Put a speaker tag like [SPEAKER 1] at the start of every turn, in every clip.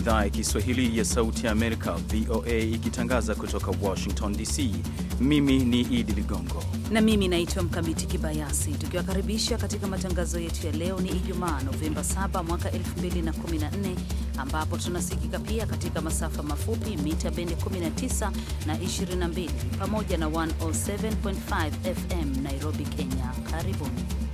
[SPEAKER 1] idhaa ya Kiswahili ya Sauti ya Amerika, VOA, ikitangaza kutoka Washington DC. Mimi ni Idi Ligongo
[SPEAKER 2] na mimi naitwa Mkamiti Kibayasi, tukiwakaribisha katika matangazo yetu ya leo. Ni Ijumaa, Novemba 7 mwaka 2014, ambapo tunasikika pia katika masafa mafupi mita bendi 19 na 22 pamoja na 107.5 FM Nairobi, Kenya. Karibuni.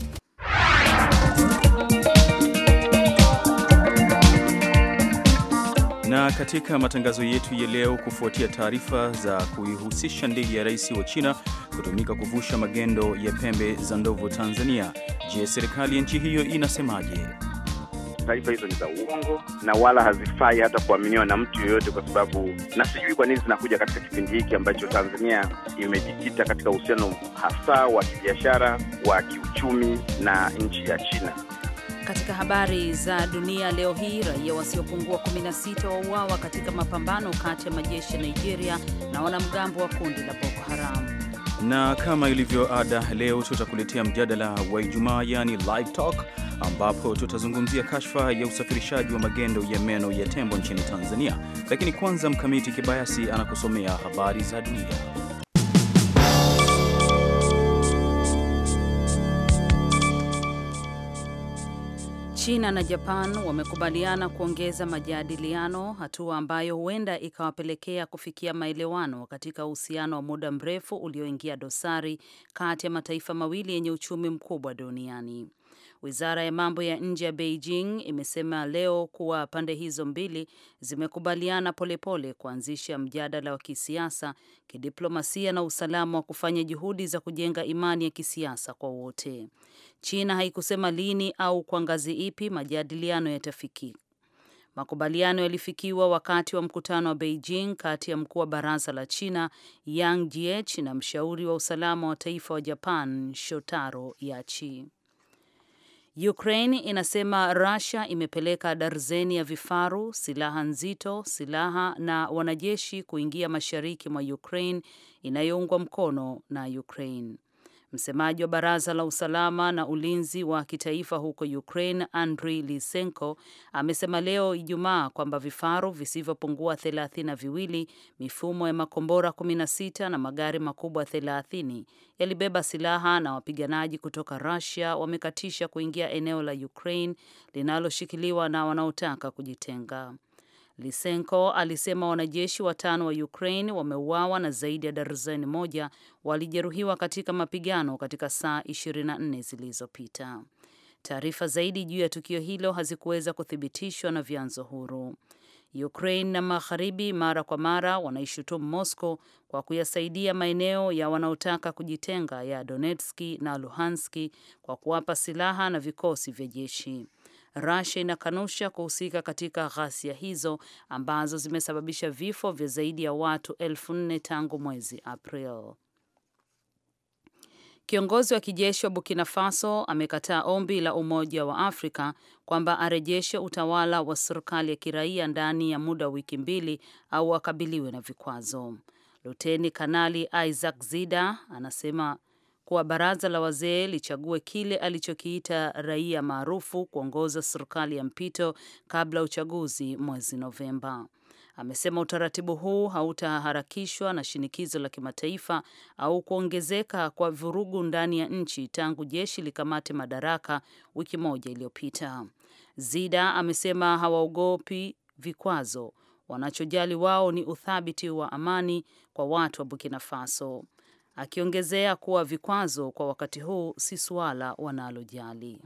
[SPEAKER 1] Na katika matangazo yetu ya leo, kufuatia taarifa za kuihusisha ndege ya rais wa China kutumika kuvusha magendo ya pembe za ndovu Tanzania, je, serikali ya nchi hiyo inasemaje? Taarifa hizo ni za uongo na wala hazifai hata kuaminiwa na mtu yoyote, kwa sababu na sijui kwa nini zinakuja katika kipindi hiki ambacho
[SPEAKER 3] Tanzania imejikita katika uhusiano hasa wa kibiashara wa kiuchumi na nchi ya China.
[SPEAKER 2] Katika habari za dunia leo hii, raia wasiopungua 16 wauawa katika mapambano kati ya majeshi ya Nigeria na wanamgambo wa kundi la Boko Haram.
[SPEAKER 1] Na kama ilivyo ada, leo tutakuletea mjadala wa Ijumaa, yani live talk, ambapo tutazungumzia kashfa ya usafirishaji wa magendo ya meno ya tembo nchini Tanzania. Lakini kwanza, Mkamiti Kibayasi anakusomea habari za dunia.
[SPEAKER 2] China na Japan wamekubaliana kuongeza majadiliano, hatua ambayo huenda ikawapelekea kufikia maelewano katika uhusiano wa muda mrefu ulioingia dosari kati ya mataifa mawili yenye uchumi mkubwa duniani. Wizara ya mambo ya nje ya Beijing imesema leo kuwa pande hizo mbili zimekubaliana polepole kuanzisha mjadala wa kisiasa, kidiplomasia na usalama wa kufanya juhudi za kujenga imani ya kisiasa kwa wote. China haikusema lini au kwa ngazi ipi majadiliano yatafikia. Makubaliano yalifikiwa wakati wa mkutano wa Beijing kati ya mkuu wa baraza la China Yang Jiechi na mshauri wa usalama wa taifa wa Japan Shotaro Yachi. Ukraine inasema Russia imepeleka darzeni ya vifaru, silaha nzito, silaha na wanajeshi kuingia mashariki mwa Ukraine inayoungwa mkono na Ukraine. Msemaji wa baraza la usalama na ulinzi wa kitaifa huko Ukraine, Andriy Lisenko, amesema leo Ijumaa kwamba vifaru visivyopungua thelathini na viwili, mifumo ya makombora 16 na magari makubwa 30 yalibeba silaha na wapiganaji kutoka Russia wamekatisha kuingia eneo la Ukraine linaloshikiliwa na wanaotaka kujitenga. Lisenko alisema wanajeshi watano wa Ukraine wameuawa na zaidi ya darzeni moja walijeruhiwa katika mapigano katika saa 24 zilizopita. Taarifa zaidi juu ya tukio hilo hazikuweza kuthibitishwa na vyanzo huru. Ukraine na Magharibi mara kwa mara wanaishutumu Moscow kwa kuyasaidia maeneo ya wanaotaka kujitenga ya Donetski na Luhanski kwa kuwapa silaha na vikosi vya jeshi. Russia inakanusha kuhusika katika ghasia hizo ambazo zimesababisha vifo vya zaidi ya watu elfu nne tangu mwezi April. Kiongozi wa kijeshi wa Burkina Faso amekataa ombi la Umoja wa Afrika kwamba arejeshe utawala wa serikali ya kiraia ndani ya muda wa wiki mbili au akabiliwe na vikwazo. Luteni Kanali Isaac Zida anasema kuwa baraza la wazee lichague kile alichokiita raia maarufu kuongoza serikali ya mpito kabla uchaguzi mwezi Novemba. Amesema utaratibu huu hautaharakishwa na shinikizo la kimataifa au kuongezeka kwa vurugu ndani ya nchi tangu jeshi likamate madaraka wiki moja iliyopita. Zida amesema hawaogopi vikwazo, wanachojali wao ni uthabiti wa amani kwa watu wa Burkina Faso akiongezea kuwa vikwazo kwa wakati huu si suala wanalojali.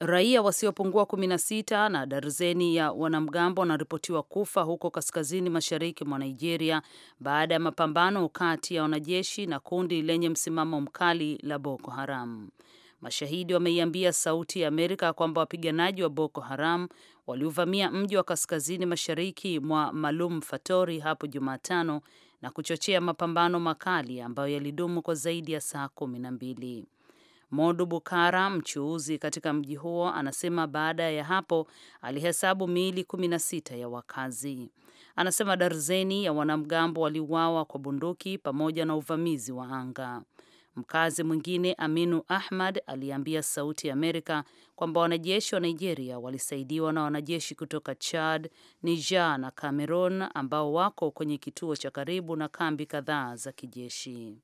[SPEAKER 2] Raia wasiopungua 16 na darzeni ya wanamgambo wanaripotiwa kufa huko kaskazini mashariki mwa Nigeria baada ya mapambano kati ya wanajeshi na kundi lenye msimamo mkali la Boko Haram. Mashahidi wameiambia Sauti ya Amerika kwamba wapiganaji wa Boko Haram waliuvamia mji wa kaskazini mashariki mwa Malum Fatori hapo Jumatano na kuchochea mapambano makali ambayo yalidumu kwa zaidi ya saa kumi na mbili. Modu Bukara, mchuuzi katika mji huo, anasema baada ya hapo alihesabu miili kumi na sita ya wakazi. Anasema darzeni ya wanamgambo waliuawa kwa bunduki pamoja na uvamizi wa anga. Mkazi mwingine Aminu Ahmad aliambia Sauti ya Amerika kwamba wanajeshi wa Nigeria walisaidiwa na wanajeshi kutoka Chad, Niger na Cameroon ambao wako kwenye kituo cha karibu na kambi kadhaa za kijeshi.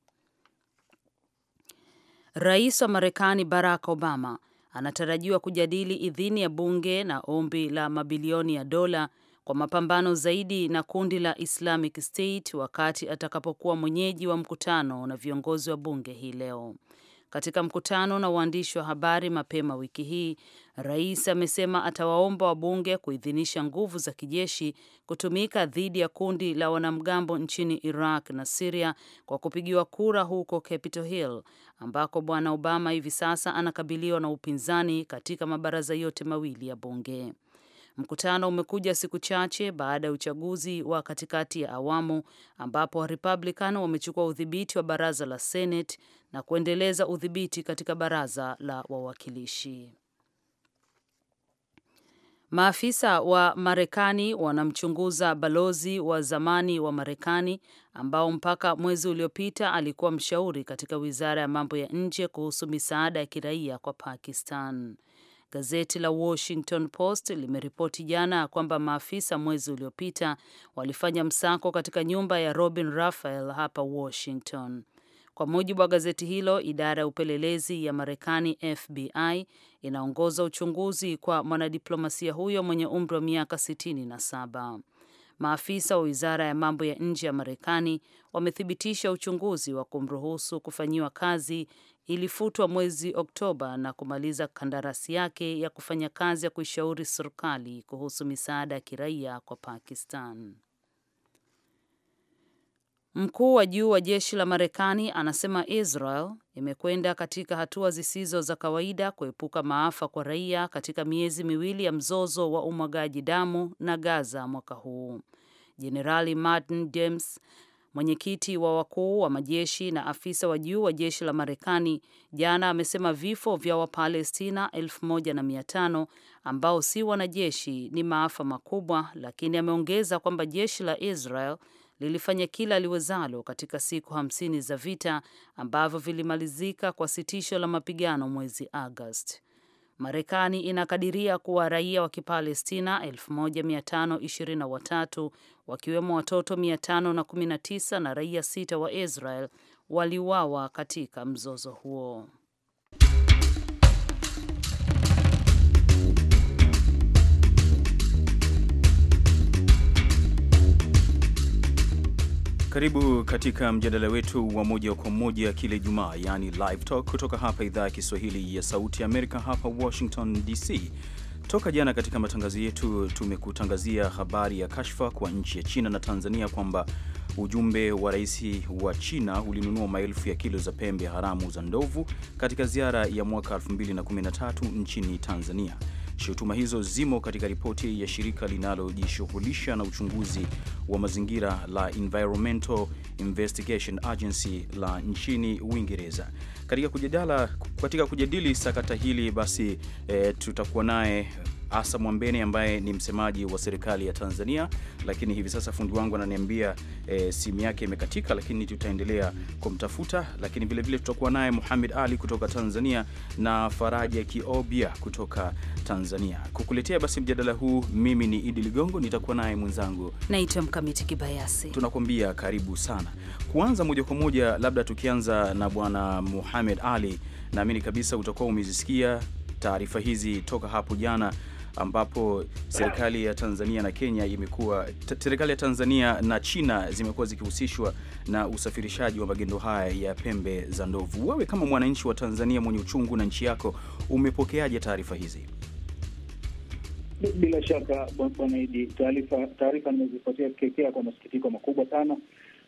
[SPEAKER 2] Rais wa Marekani Barack Obama anatarajiwa kujadili idhini ya bunge na ombi la mabilioni ya dola kwa mapambano zaidi na kundi la Islamic State wakati atakapokuwa mwenyeji wa mkutano na viongozi wa bunge hii leo. Katika mkutano na waandishi wa habari mapema wiki hii, rais amesema atawaomba wabunge kuidhinisha nguvu za kijeshi kutumika dhidi ya kundi la wanamgambo nchini Iraq na Siria kwa kupigiwa kura huko Capitol Hill ambako bwana Obama hivi sasa anakabiliwa na upinzani katika mabaraza yote mawili ya bunge. Mkutano umekuja siku chache baada ya uchaguzi wa katikati ya awamu ambapo Warepublican wamechukua udhibiti wa baraza la Senate na kuendeleza udhibiti katika baraza la wawakilishi. Maafisa wa Marekani wanamchunguza balozi wa zamani wa Marekani ambao mpaka mwezi uliopita alikuwa mshauri katika wizara ya mambo ya nje kuhusu misaada ya kiraia kwa Pakistan. Gazeti la Washington Post limeripoti jana kwamba maafisa mwezi uliopita walifanya msako katika nyumba ya Robin Raphael hapa Washington. Kwa mujibu wa gazeti hilo, idara ya upelelezi ya Marekani FBI inaongoza uchunguzi kwa mwanadiplomasia huyo mwenye umri wa miaka 67. Maafisa wa wizara ya mambo ya nje ya Marekani wamethibitisha uchunguzi wa kumruhusu kufanyiwa kazi ilifutwa mwezi Oktoba na kumaliza kandarasi yake ya kufanya kazi ya kuishauri serikali kuhusu misaada ya kiraia kwa Pakistan. Mkuu wa juu wa jeshi la Marekani anasema Israel imekwenda katika hatua zisizo za kawaida kuepuka maafa kwa raia katika miezi miwili ya mzozo wa umwagaji damu na Gaza mwaka huu. Jenerali Martin James Mwenyekiti wa wakuu wa majeshi na afisa wa juu wa jeshi la Marekani jana amesema vifo vya Wapalestina 1500 ambao si wanajeshi ni maafa makubwa, lakini ameongeza kwamba jeshi la Israel lilifanya kila liwezalo katika siku hamsini za vita ambavyo vilimalizika kwa sitisho la mapigano mwezi Agosti. Marekani inakadiria kuwa raia wa Kipalestina 1523 wakiwemo watoto 519 na raia sita wa Israel waliuawa katika mzozo huo.
[SPEAKER 1] Karibu katika mjadala wetu wa moja kwa moja kila Ijumaa, yaani live talk, kutoka hapa idhaa ya Kiswahili ya Sauti ya Amerika, hapa Washington DC. Toka jana katika matangazo yetu tumekutangazia habari ya kashfa kwa nchi ya China na Tanzania kwamba ujumbe wa rais wa China ulinunua maelfu ya kilo za pembe haramu za ndovu katika ziara ya mwaka 2013 nchini Tanzania. Shutuma hizo zimo katika ripoti ya shirika linalojishughulisha na uchunguzi wa mazingira la Environmental Investigation Agency la nchini Uingereza. Katika kujadala katika kujadili sakata hili basi, e, tutakuwa naye Asa Mwambeni ambaye ni msemaji wa serikali ya Tanzania, lakini hivi sasa fundi wangu ananiambia e, simu yake imekatika, lakini tutaendelea kumtafuta. Lakini vilevile tutakuwa naye Muhamed Ali kutoka Tanzania na Faraja Kiobia kutoka Tanzania kukuletea basi mjadala huu. Mimi ni Idi Ligongo, nitakuwa naye mwenzangu naitwa Mkamiti Kibayasi. Tunakuambia karibu sana. Kuanza moja kwa moja, labda tukianza na bwana Muhamed Ali, naamini kabisa utakuwa umezisikia taarifa hizi toka hapo jana ambapo serikali ya Tanzania na Kenya imekuwa serikali ya Tanzania na China zimekuwa zikihusishwa na usafirishaji wa magendo haya ya pembe za ndovu. Wewe kama mwananchi wa Tanzania mwenye uchungu na nchi yako, umepokeaje taarifa hizi?
[SPEAKER 4] Bila
[SPEAKER 5] shaka bwana Idi, taarifa taarifa nimezipatia kekea kwa masikitiko makubwa sana,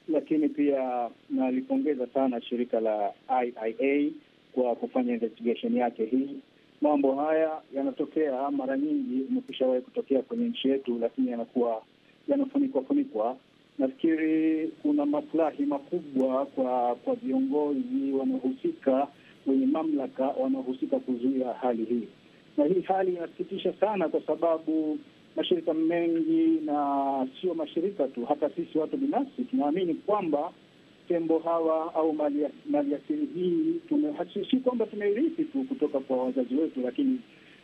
[SPEAKER 5] lakini pia nalipongeza sana shirika la IIA kwa kufanya investigation yake hii mambo haya yanatokea mara nyingi, imekwishawahi kutokea kwenye nchi yetu, lakini yanakuwa yanafunikwa funikwa. Nafikiri kuna maslahi makubwa kwa kwa viongozi wanaohusika, wenye mamlaka wanaohusika kuzuia hali hii, na hii hali inasikitisha sana, kwa sababu mashirika mengi na sio mashirika tu, hata sisi watu binafsi tunaamini kwamba tembo hawa au maliasili hii si kwamba tumeirithi tu kutoka kwa wazazi wetu, lakini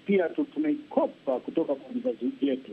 [SPEAKER 5] pia tumeikopa kutoka kwa vizazi vyetu.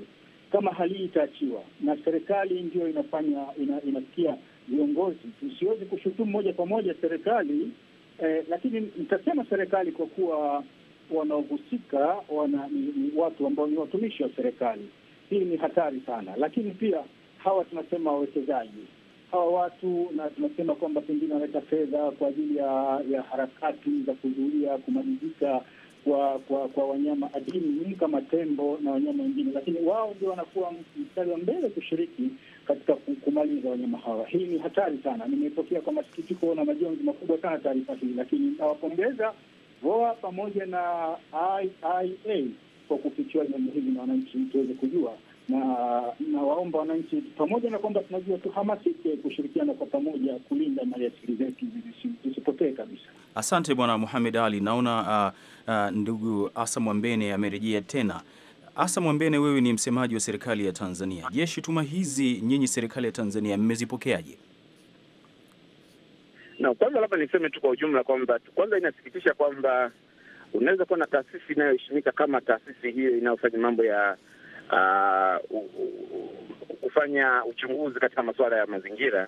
[SPEAKER 5] Kama hali hii itaachiwa na serikali, ndio inafanya ina, inafikia viongozi. tusiwezi kushutumu moja kwa moja serikali eh, lakini nitasema serikali kwa kuwa wanaohusika wana, ni, ni watu ambao ni watumishi wa serikali. Hii ni hatari sana, lakini pia hawa tunasema wawekezaji hawa watu, na tunasema kwamba pengine wanaleta fedha kwa ajili ya, ya harakati za kuzuia kumalizika kwa, kwa kwa wanyama adimu kama tembo na wanyama wengine, lakini wao ndio wanakuwa mstari wa mbele kushiriki katika kumaliza wanyama hawa. Hii ni hatari sana. Nimepokea kwa masikitiko na majonzi makubwa sana taarifa hii, lakini nawapongeza VOA pamoja na IIA kwa kufichua jambo hili na wananchi tuweze kujua na nawaomba wananchi, pamoja na kwamba tunajua, tuhamasike kushirikiana kwa pamoja kulinda maliasili zetu zisipotee kabisa.
[SPEAKER 1] Asante Bwana Muhamed Ali. Naona uh, uh, ndugu Asa Mwambene amerejea tena. Asa Mwambene, wewe ni msemaji wa serikali ya Tanzania. Je, shutuma hizi nyinyi serikali ya Tanzania mmezipokeaje?
[SPEAKER 6] Na kwanza labda niseme tu kwa ujumla kwamba kwanza inasikitisha
[SPEAKER 3] kwamba unaweza kuwa na taasisi inayoheshimika kama taasisi hiyo inayofanya mambo ya uh, kufanya uchunguzi katika masuala ya mazingira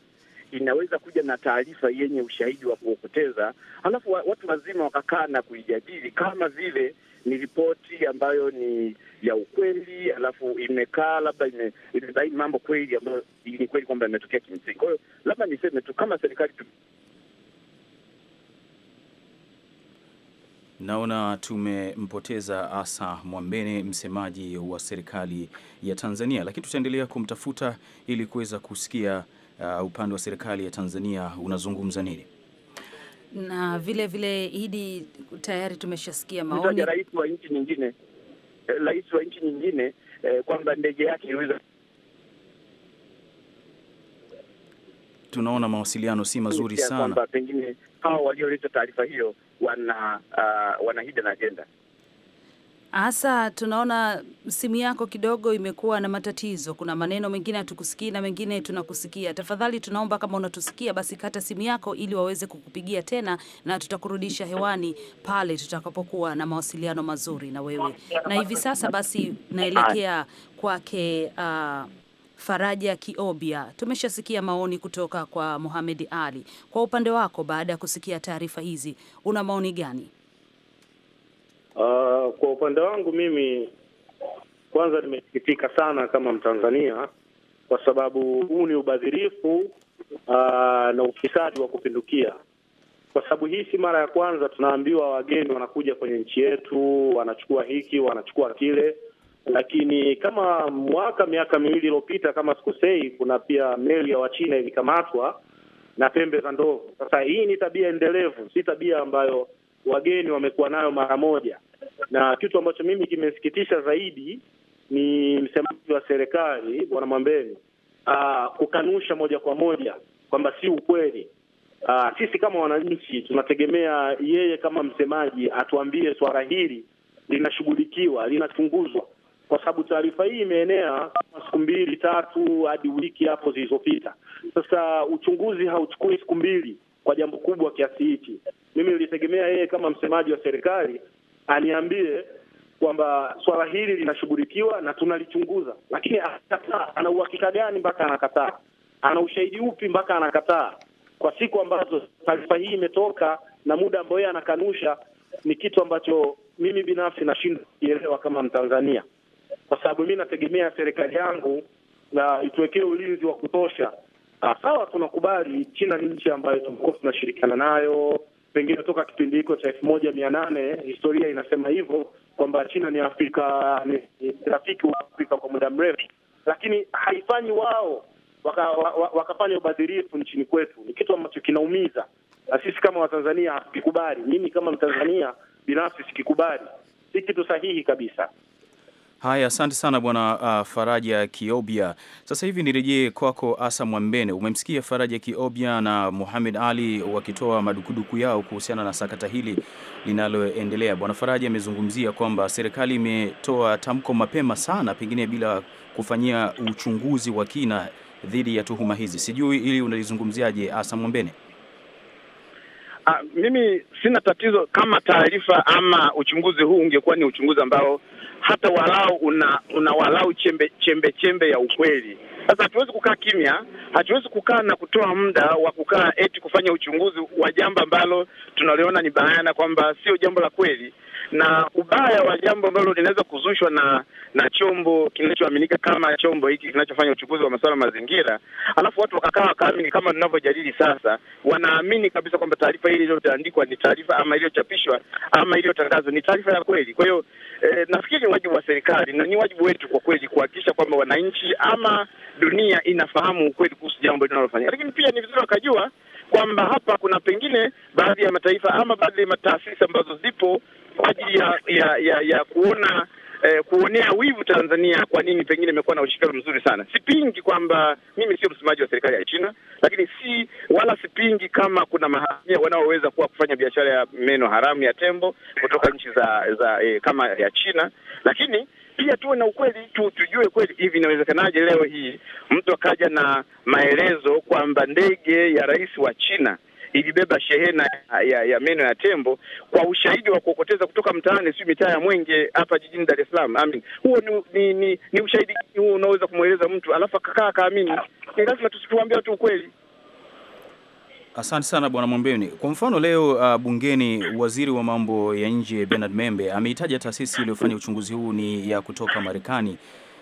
[SPEAKER 3] inaweza kuja na taarifa yenye ushahidi wa kuopoteza, alafu watu wazima wakakaa na kuijadili kama vile ni ripoti ambayo ni ya ukweli,
[SPEAKER 6] alafu imekaa labda imebaini mambo kweli ambayo ni kweli kwamba imetokea kimsingi. Kwa hiyo labda niseme tu kama serikali
[SPEAKER 1] Naona tumempoteza Asa Mwambene, msemaji wa serikali ya Tanzania, lakini tutaendelea kumtafuta ili kuweza kusikia uh, upande wa serikali ya Tanzania unazungumza nini
[SPEAKER 2] na vile vile tayari tumeshasikia maoni
[SPEAKER 1] rais wa nchi nyingine, eh, rais wa nchi nyingine
[SPEAKER 3] eh, kwamba ndege yake iweza.
[SPEAKER 1] Tunaona mawasiliano si mazuri sana, kwamba pengine hao walioleta taarifa hiyo wana uh, wana hidden agenda.
[SPEAKER 2] Hasa tunaona simu yako kidogo imekuwa na matatizo. Kuna maneno mengine hatukusikii na mengine tunakusikia. Tafadhali tunaomba kama unatusikia, basi kata simu yako ili waweze kukupigia tena, na tutakurudisha hewani pale tutakapokuwa na mawasiliano mazuri na wewe. Na hivi sasa basi naelekea kwake uh, Faraja Kiobia, tumeshasikia maoni kutoka kwa muhamedi Ali. Kwa upande wako, baada ya kusikia taarifa hizi, una maoni gani?
[SPEAKER 6] Uh, kwa upande wangu mimi kwanza nimesikitika sana kama Mtanzania kwa sababu huu ni ubadhirifu uh, na ufisadi wa kupindukia, kwa sababu hii si mara ya kwanza tunaambiwa wageni wanakuja kwenye nchi yetu wanachukua hiki wanachukua kile lakini kama mwaka miaka miwili iliyopita, kama sikusei, kuna pia meli ya Wachina ilikamatwa na pembe za ndovu. Sasa hii ni tabia endelevu, si tabia ambayo wageni wamekuwa nayo mara moja. Na kitu ambacho mimi kimesikitisha zaidi ni msemaji wa serikali Bwana Mwambeni ah, kukanusha moja kwa moja kwamba si ukweli. Aa, ah, sisi kama wananchi tunategemea yeye kama msemaji atuambie swala hili linashughulikiwa, linachunguzwa kwa sababu taarifa hii imeenea kama siku mbili tatu hadi wiki hapo zilizopita. Sasa uchunguzi hauchukui siku mbili kwa jambo kubwa kiasi hichi. Mimi nilitegemea yeye kama msemaji wa serikali aniambie kwamba swala hili linashughulikiwa na tunalichunguza, lakini anakataa. Ana uhakika gani mpaka anakataa? Ana ushahidi upi mpaka anakataa? Kwa siku ambazo taarifa hii imetoka na muda ambao yeye anakanusha, ni kitu ambacho mimi binafsi nashindwa kuelewa kama Mtanzania kwa sababu mi nategemea serikali yangu na ituwekee ulinzi wa kutosha. Ah, sawa, tunakubali China ni nchi ambayo tumekuwa tunashirikiana nayo pengine toka kipindi hiko cha elfu moja mia nane. Historia inasema hivyo kwamba China ni Afrika, ni rafiki wa Afrika kwa muda mrefu, lakini haifanyi wao wakafanya waka, ubadhirifu nchini kwetu. Ni kitu ambacho kinaumiza, na sisi kama Watanzania hatukikubali. Mimi kama Mtanzania binafsi sikikubali, si kitu sahihi kabisa.
[SPEAKER 1] Haya, asante sana bwana uh, Faraja Kiobia. Sasa hivi nirejee kwako Asa Mwambene. Umemsikia Faraja Kiobia na Muhamed Ali wakitoa madukuduku yao kuhusiana na sakata hili linaloendelea. Bwana Faraja amezungumzia kwamba serikali imetoa tamko mapema sana, pengine bila kufanyia uchunguzi wa kina dhidi ya tuhuma hizi. Sijui ili unalizungumziaje, Asa Mwambene?
[SPEAKER 3] Ah, mimi sina tatizo kama taarifa ama uchunguzi huu ungekuwa ni uchunguzi ambao hata walau una, una walau chembe chembe chembe ya ukweli. Sasa hatuwezi kukaa kimya, hatuwezi kukaa na kutoa muda wa kukaa eti kufanya uchunguzi wa jambo ambalo tunaliona ni bayana kwamba sio jambo la kweli na ubaya wa jambo ambalo linaweza kuzushwa na na chombo kinachoaminika kama chombo hiki kinachofanya uchunguzi wa masuala mazingira, alafu watu wakakaa wakaamini kama tunavyojadili sasa, wanaamini kabisa kwamba taarifa hili iliyoandikwa ni taarifa ama iliyochapishwa ama iliyotangazwa ni taarifa ya kweli. Kwa hiyo eh, nafikiri ni wajibu wa serikali na ni wajibu wetu kwa kweli kuhakikisha kwamba wananchi ama dunia inafahamu ukweli kuhusu jambo linalofanyika, lakini pia ni vizuri wakajua kwamba hapa kuna pengine baadhi ya mataifa ama baadhi ya taasisi ambazo zipo kwa ajili ya, ya, ya, ya kuona Eh, kuonea wivu Tanzania kwa nini pengine imekuwa na ushirikiano mzuri sana. Sipingi kwamba mimi sio msemaji wa serikali ya China, lakini si wala sipingi kama kuna mahamia wanaoweza kuwa kufanya biashara ya meno haramu ya tembo kutoka nchi za za eh, kama ya China, lakini pia tuwe na ukweli tu, tujue kweli hivi inawezekanaje leo hii mtu akaja na maelezo kwamba ndege ya rais wa China ilibeba shehena ya, ya meno ya tembo kwa ushahidi wa kuokoteza kutoka mtaani, si mitaa ya Mwenge hapa jijini Dar es Salaam. Amin, huo ni, ni, ni, ni ushahidi huo unaweza kumweleza mtu alafu akakaa akaamini? Ni lazima tusipoambia watu ukweli.
[SPEAKER 1] Asante sana bwana Mwambeni. Kwa mfano leo uh, bungeni waziri wa mambo ya nje Bernard Membe ameitaja taasisi iliyofanya uchunguzi huu ni ya kutoka Marekani,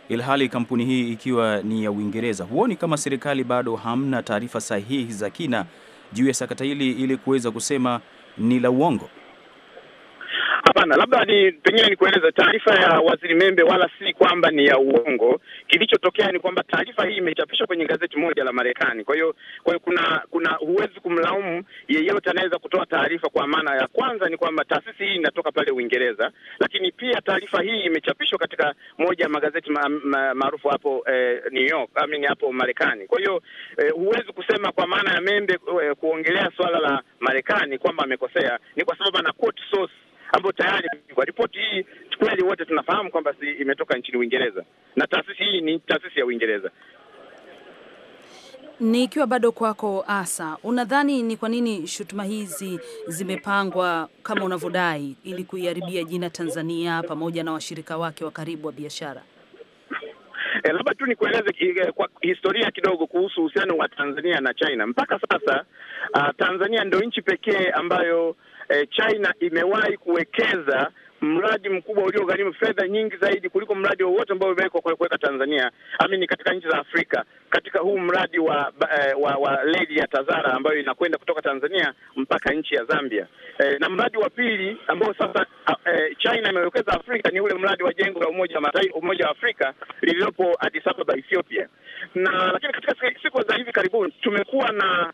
[SPEAKER 1] ilhali kampuni hii ikiwa ni ya Uingereza. Huoni kama serikali bado hamna taarifa sahihi za kina juu ya sakata hili ili kuweza kusema ni la uongo?
[SPEAKER 3] sana. Labda ni pengine nikueleze taarifa ya Waziri Membe, wala si kwamba ni ya uongo. Kilichotokea ni kwamba taarifa hii imechapishwa kwenye gazeti moja la Marekani. Kwa hiyo kwa hiyo kuna kuna huwezi kumlaumu yeyote anaweza kutoa taarifa, kwa maana ya kwanza ni kwamba taasisi hii inatoka pale Uingereza, lakini pia taarifa hii imechapishwa katika moja ya magazeti maarufu ma, hapo eh, New York I mean, hapo Marekani. Kwa hiyo eh, huwezi kusema kwa maana ya Membe eh, kuongelea swala la Marekani kwamba amekosea, ni kwa sababu ana quote source ambayo tayari imepigwa. Ripoti hii kweli wote tunafahamu kwamba si imetoka nchini Uingereza na taasisi hii ni taasisi ya Uingereza.
[SPEAKER 2] Nikiwa bado kwako, Asa, unadhani ni kwa nini shutuma hizi zimepangwa kama unavyodai ili kuiharibia jina Tanzania pamoja na washirika wake wa karibu wa biashara?
[SPEAKER 3] E, labda tu nikueleze eh, kwa historia kidogo kuhusu uhusiano wa Tanzania na China. Mpaka sasa uh, Tanzania ndio nchi pekee ambayo eh, China imewahi kuwekeza mradi mkubwa uliogharimu fedha nyingi zaidi kuliko mradi wowote ambao umewekwa kuweka Tanzania amini katika nchi za Afrika katika huu mradi wa eh, wa, wa reli ya Tazara ambayo inakwenda kutoka Tanzania mpaka nchi ya Zambia. Eh, na mradi wa pili ambao sasa eh, China imewekeza Afrika ni ule mradi wa jengo la Umoja wa Mataifa, Umoja wa Afrika lililopo Addis Ababa, Ethiopia. Na lakini katika siku za hivi karibuni tumekuwa na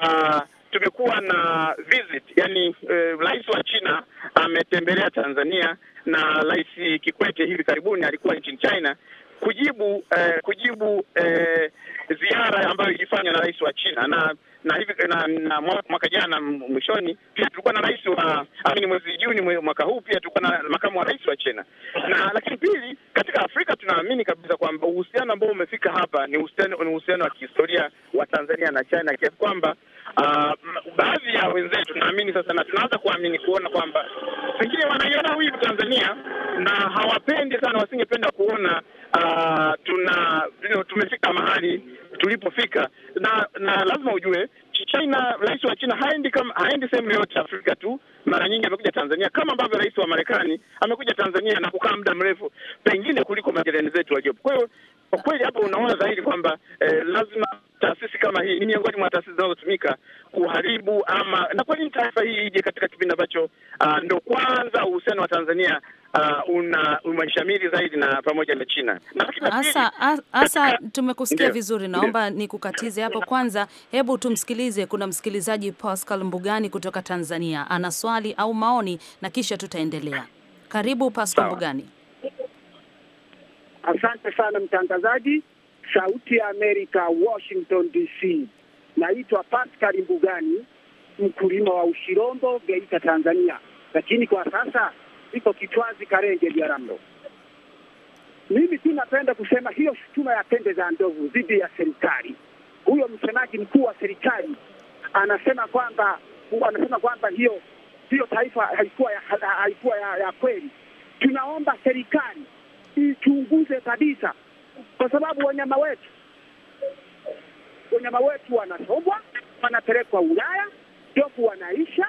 [SPEAKER 3] uh, tumekuwa na visit yani, eh, rais wa China ametembelea Tanzania na rais Kikwete hivi karibuni alikuwa nchini China kujibu eh, kujibu eh, ziara ambayo ilifanywa na rais wa China na na hivi na, na mwaka jana mwishoni pia tulikuwa na rais wa amini, mwezi Juni mwaka huu pia tulikuwa na makamu wa rais wa China. Na lakini pili, katika Afrika tunaamini kabisa kwamba uhusiano ambao umefika hapa ni uhusiano ni uhusiano wa kihistoria wa Tanzania na China kiasi kwamba uh, baadhi ya wenzetu tunaamini sasa na tunaanza kuamini kuona kwamba pengine wanaiona wivu Tanzania na hawapendi sana, wasingependa kuona Ah, you know, tumefika mahali tulipofika, na na lazima ujue China, rais wa China haendi kama haendi sehemu yoyote Afrika tu, mara nyingi amekuja Tanzania, kama ambavyo rais wa Marekani amekuja Tanzania na kukaa muda mrefu pengine kuliko majirani zetu waliopo. Kwa hiyo kwa kweli hapo unaona zaidi kwamba eh, lazima taasisi kama hii ni miongoni mwa taasisi zinazotumika kuharibu ama, na kwa nini taarifa hii ije katika kipindi ambacho uh, ah, ndo kwanza uhusiano wa Tanzania uh, una umeshamiri zaidi na pamoja na China.
[SPEAKER 2] Asa, asa tumekusikia vizuri, naomba nikukatize hapo kwanza. Hebu tumsikilize, kuna msikilizaji Pascal Mbugani kutoka Tanzania ana swali au maoni, na kisha tutaendelea. Karibu Pascal Mbugani.
[SPEAKER 4] Asante sana mtangazaji, Sauti ya Amerika, Washington DC. Naitwa Pascal Mbugani, mkulima wa Ushirombo, Geita, Tanzania, lakini kwa sasa iko Kitwazi karenge Biharamulo. Mimi tu napenda kusema hiyo shutuma ya pembe za ndovu dhidi ya serikali, huyo msemaji mkuu wa serikali anasema kwamba anasema kwamba hiyo hiyo taifa haikuwa ya, haikuwa ya, ya kweli. Tunaomba serikali ichunguze kabisa, kwa sababu wanyama wetu wanyama wetu wanasombwa wanapelekwa Ulaya, ndovu wanaisha,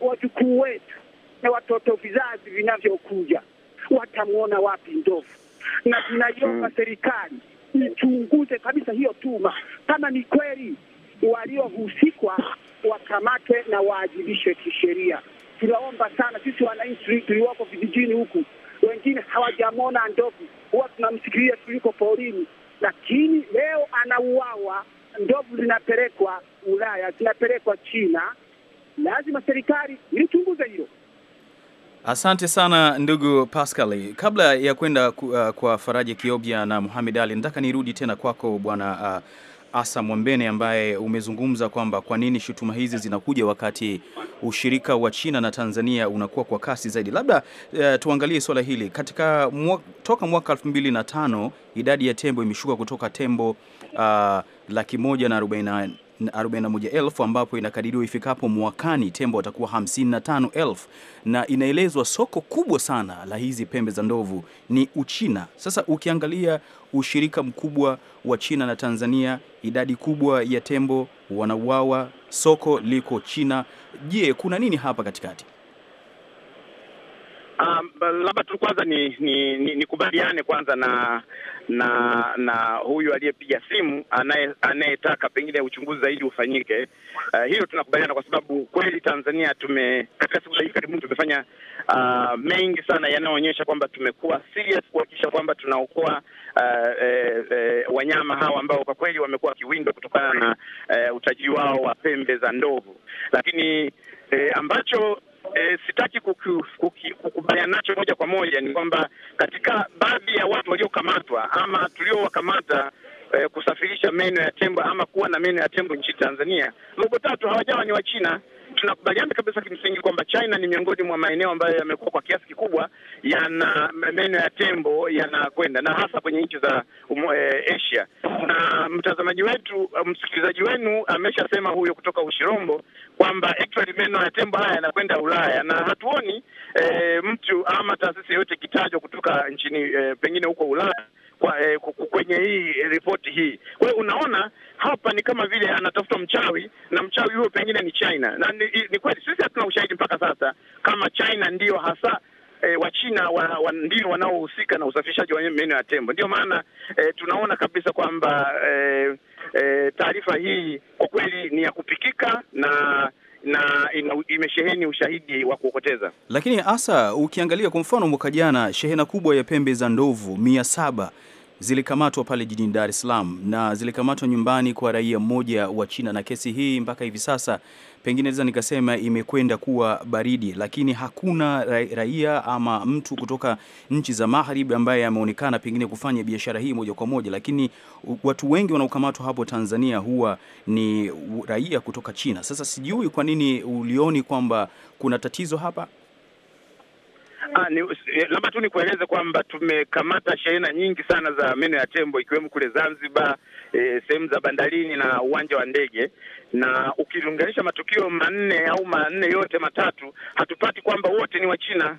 [SPEAKER 4] wajukuu wetu na watoto vizazi vinavyokuja watamwona wapi ndovu? Na tunaiomba mm. serikali ichunguze kabisa hiyo tuma, kama ni kweli waliohusikwa wakamatwe na waajibishwe kisheria. Tunaomba sana sisi wananchi tuliwoko vijijini huku, wengine hawajamwona ndovu, huwa tunamsikilia tuliko porini, lakini leo anauawa. Ndovu zinapelekwa Ulaya, zinapelekwa China. Lazima serikali ilichunguze hilo.
[SPEAKER 1] Asante sana ndugu Pascal. Kabla ya kwenda ku, uh, kwa faraji Kiobya na Muhamed Ali, nataka nirudi tena kwako bwana uh, Asa Mwambene ambaye umezungumza kwamba kwa nini shutuma hizi zinakuja wakati ushirika wa China na Tanzania unakuwa kwa kasi zaidi. Labda uh, tuangalie swala hili katika mwa, toka mwaka elfu mbili na tano idadi ya tembo imeshuka kutoka tembo uh, laki moja na arobaini 41,000 ambapo inakadiriwa ifikapo mwakani tembo watakuwa 55,000 na inaelezwa soko kubwa sana la hizi pembe za ndovu ni Uchina. Sasa ukiangalia ushirika mkubwa wa China na Tanzania, idadi kubwa ya tembo wanauawa, soko liko China. Je, kuna nini hapa katikati?
[SPEAKER 3] Um, labda tu kwanza ni, ni, ni, ni kwanza na na na huyu aliyepiga simu anayetaka pengine uchunguzi zaidi ufanyike. Uh, hilo tunakubaliana kwa sababu kweli Tanzania tume katika siku za hivi karibuni tumefanya uh, mengi sana yanayoonyesha kwamba tumekuwa serious kuhakikisha kwamba tunaokoa uh, eh, eh, wanyama hawa ambao kwa kweli wamekuwa kiwindo kutokana na eh, utajiri wao wa pembe za ndovu, lakini eh, ambacho e, sitaki kukubaliana nacho moja kwa moja, ni kwamba katika baadhi ya watu waliokamatwa ama tuliowakamata eh, kusafirisha meno ya tembo ama kuwa na meno ya tembo nchini Tanzania. Robo tatu hawajawa ni Wachina. Tunakubaliana kabisa kimsingi kwamba China ni miongoni mwa maeneo ambayo yamekuwa kwa kiasi kikubwa yana meno ya tembo yanakwenda, na hasa kwenye nchi za umo, e, Asia. Na mtazamaji wetu, eh, msikilizaji wenu ameshasema huyo kutoka Ushirombo kwamba actually meno ya tembo haya yanakwenda Ulaya, na hatuoni e, mtu ama taasisi yoyote ikitajwa kutoka nchini e, pengine huko Ulaya kwa, eh, kwenye hii ripoti hii. Kwa hiyo unaona hapa ni kama vile anatafuta mchawi na mchawi huyo pengine ni China, na ni, ni kweli sisi hatuna ushahidi mpaka sasa kama China ndiyo hasa E, eh, Wachina wa, wa, ndio wanaohusika na usafirishaji wa meno ya tembo. Ndio maana e, tunaona kabisa kwamba e, e, taarifa hii kwa kweli ni ya kupikika na na imesheheni ushahidi wa kuokoteza.
[SPEAKER 1] Lakini hasa ukiangalia kwa mfano, mwaka jana shehena kubwa ya pembe za ndovu mia saba zilikamatwa pale jijini Dar es Salaam na zilikamatwa nyumbani kwa raia mmoja wa China, na kesi hii mpaka hivi sasa pengine naweza nikasema imekwenda kuwa baridi, lakini hakuna raia ama mtu kutoka nchi za magharibi ambaye ameonekana pengine kufanya biashara hii moja kwa moja, lakini watu wengi wanaokamatwa hapo Tanzania huwa ni raia kutoka China. Sasa sijui kwa nini ulioni kwamba kuna tatizo hapa.
[SPEAKER 3] Ah, eh, labda tu nikueleze kwamba tumekamata shehena nyingi sana za meno ya tembo ikiwemo kule Zanzibar, e, sehemu za bandarini na uwanja wa ndege, na ukilinganisha matukio manne au manne yote matatu hatupati kwamba wote ni wa China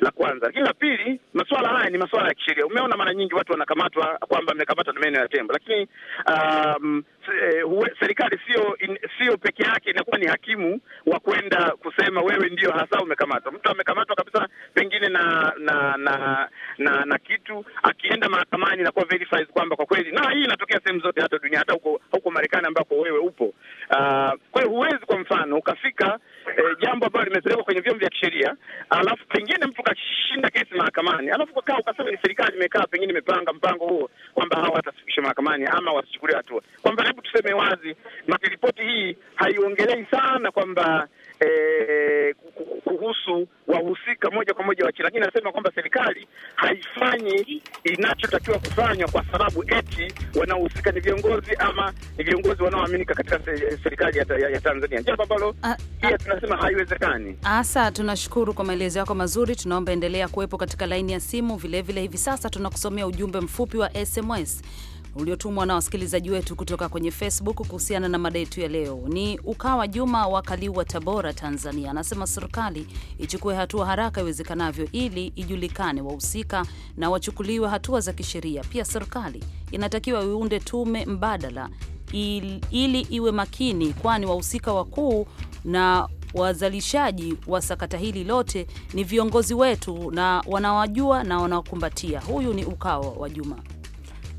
[SPEAKER 3] la kwanza. Lakini la pili, masuala haya ni masuala ya kisheria. Umeona mara nyingi watu wanakamatwa kwamba na meno ya tembo, lakini um, eh, serikali sio sio peke yake inakuwa ni hakimu wa kwenda kusema wewe ndio hasa umekamatwa. Mtu amekamatwa kabisa pengine na na na na, na kitu, akienda mahakamani inakuwa verifies kwamba kwa kweli, na hii inatokea sehemu zote, hata dunia, hata huko huko Marekani ambako wewe upo. Uh, kwa hiyo huwezi kwa mfano ukafika eh, jambo ambalo limepelekwa kwenye vyombo vya kisheria, alafu pengine mtu kashinda kesi mahakamani, alafu ukakaa ukasema ni serikali imekaa pengine imepanga mpango huo kwamba hawa watasifikisha mahakamani ama wasichukuliwe hatua kwamba hebu tuseme wazi, ripoti hii haiongelei sana kwamba eh, kuhusu wahusika moja kwa moja wa chini, lakini nasema kwamba serikali haifanyi inachotakiwa kufanywa kwa sababu eti wanaohusika ni viongozi ama ni viongozi wanaoaminika katika serikali ya, ya, ya Tanzania, jambo ambalo pia tunasema haiwezekani.
[SPEAKER 2] Asa, tunashukuru kwa maelezo yako mazuri. Tunaomba endelea kuwepo katika laini ya simu vilevile. Hivi sasa tunakusomea ujumbe mfupi wa SMS uliotumwa na wasikilizaji wetu kutoka kwenye Facebook kuhusiana na mada yetu ya leo. Ni Ukawa Juma wa Kaliua, Tabora, Tanzania, anasema serikali ichukue hatua haraka iwezekanavyo ili ijulikane wahusika na wachukuliwe hatua za kisheria. Pia serikali inatakiwa iunde tume mbadala ili, ili iwe makini, kwani wahusika wakuu na wazalishaji wa sakata hili lote ni viongozi wetu na wanawajua na wanaokumbatia. Huyu ni Ukawa wa Juma.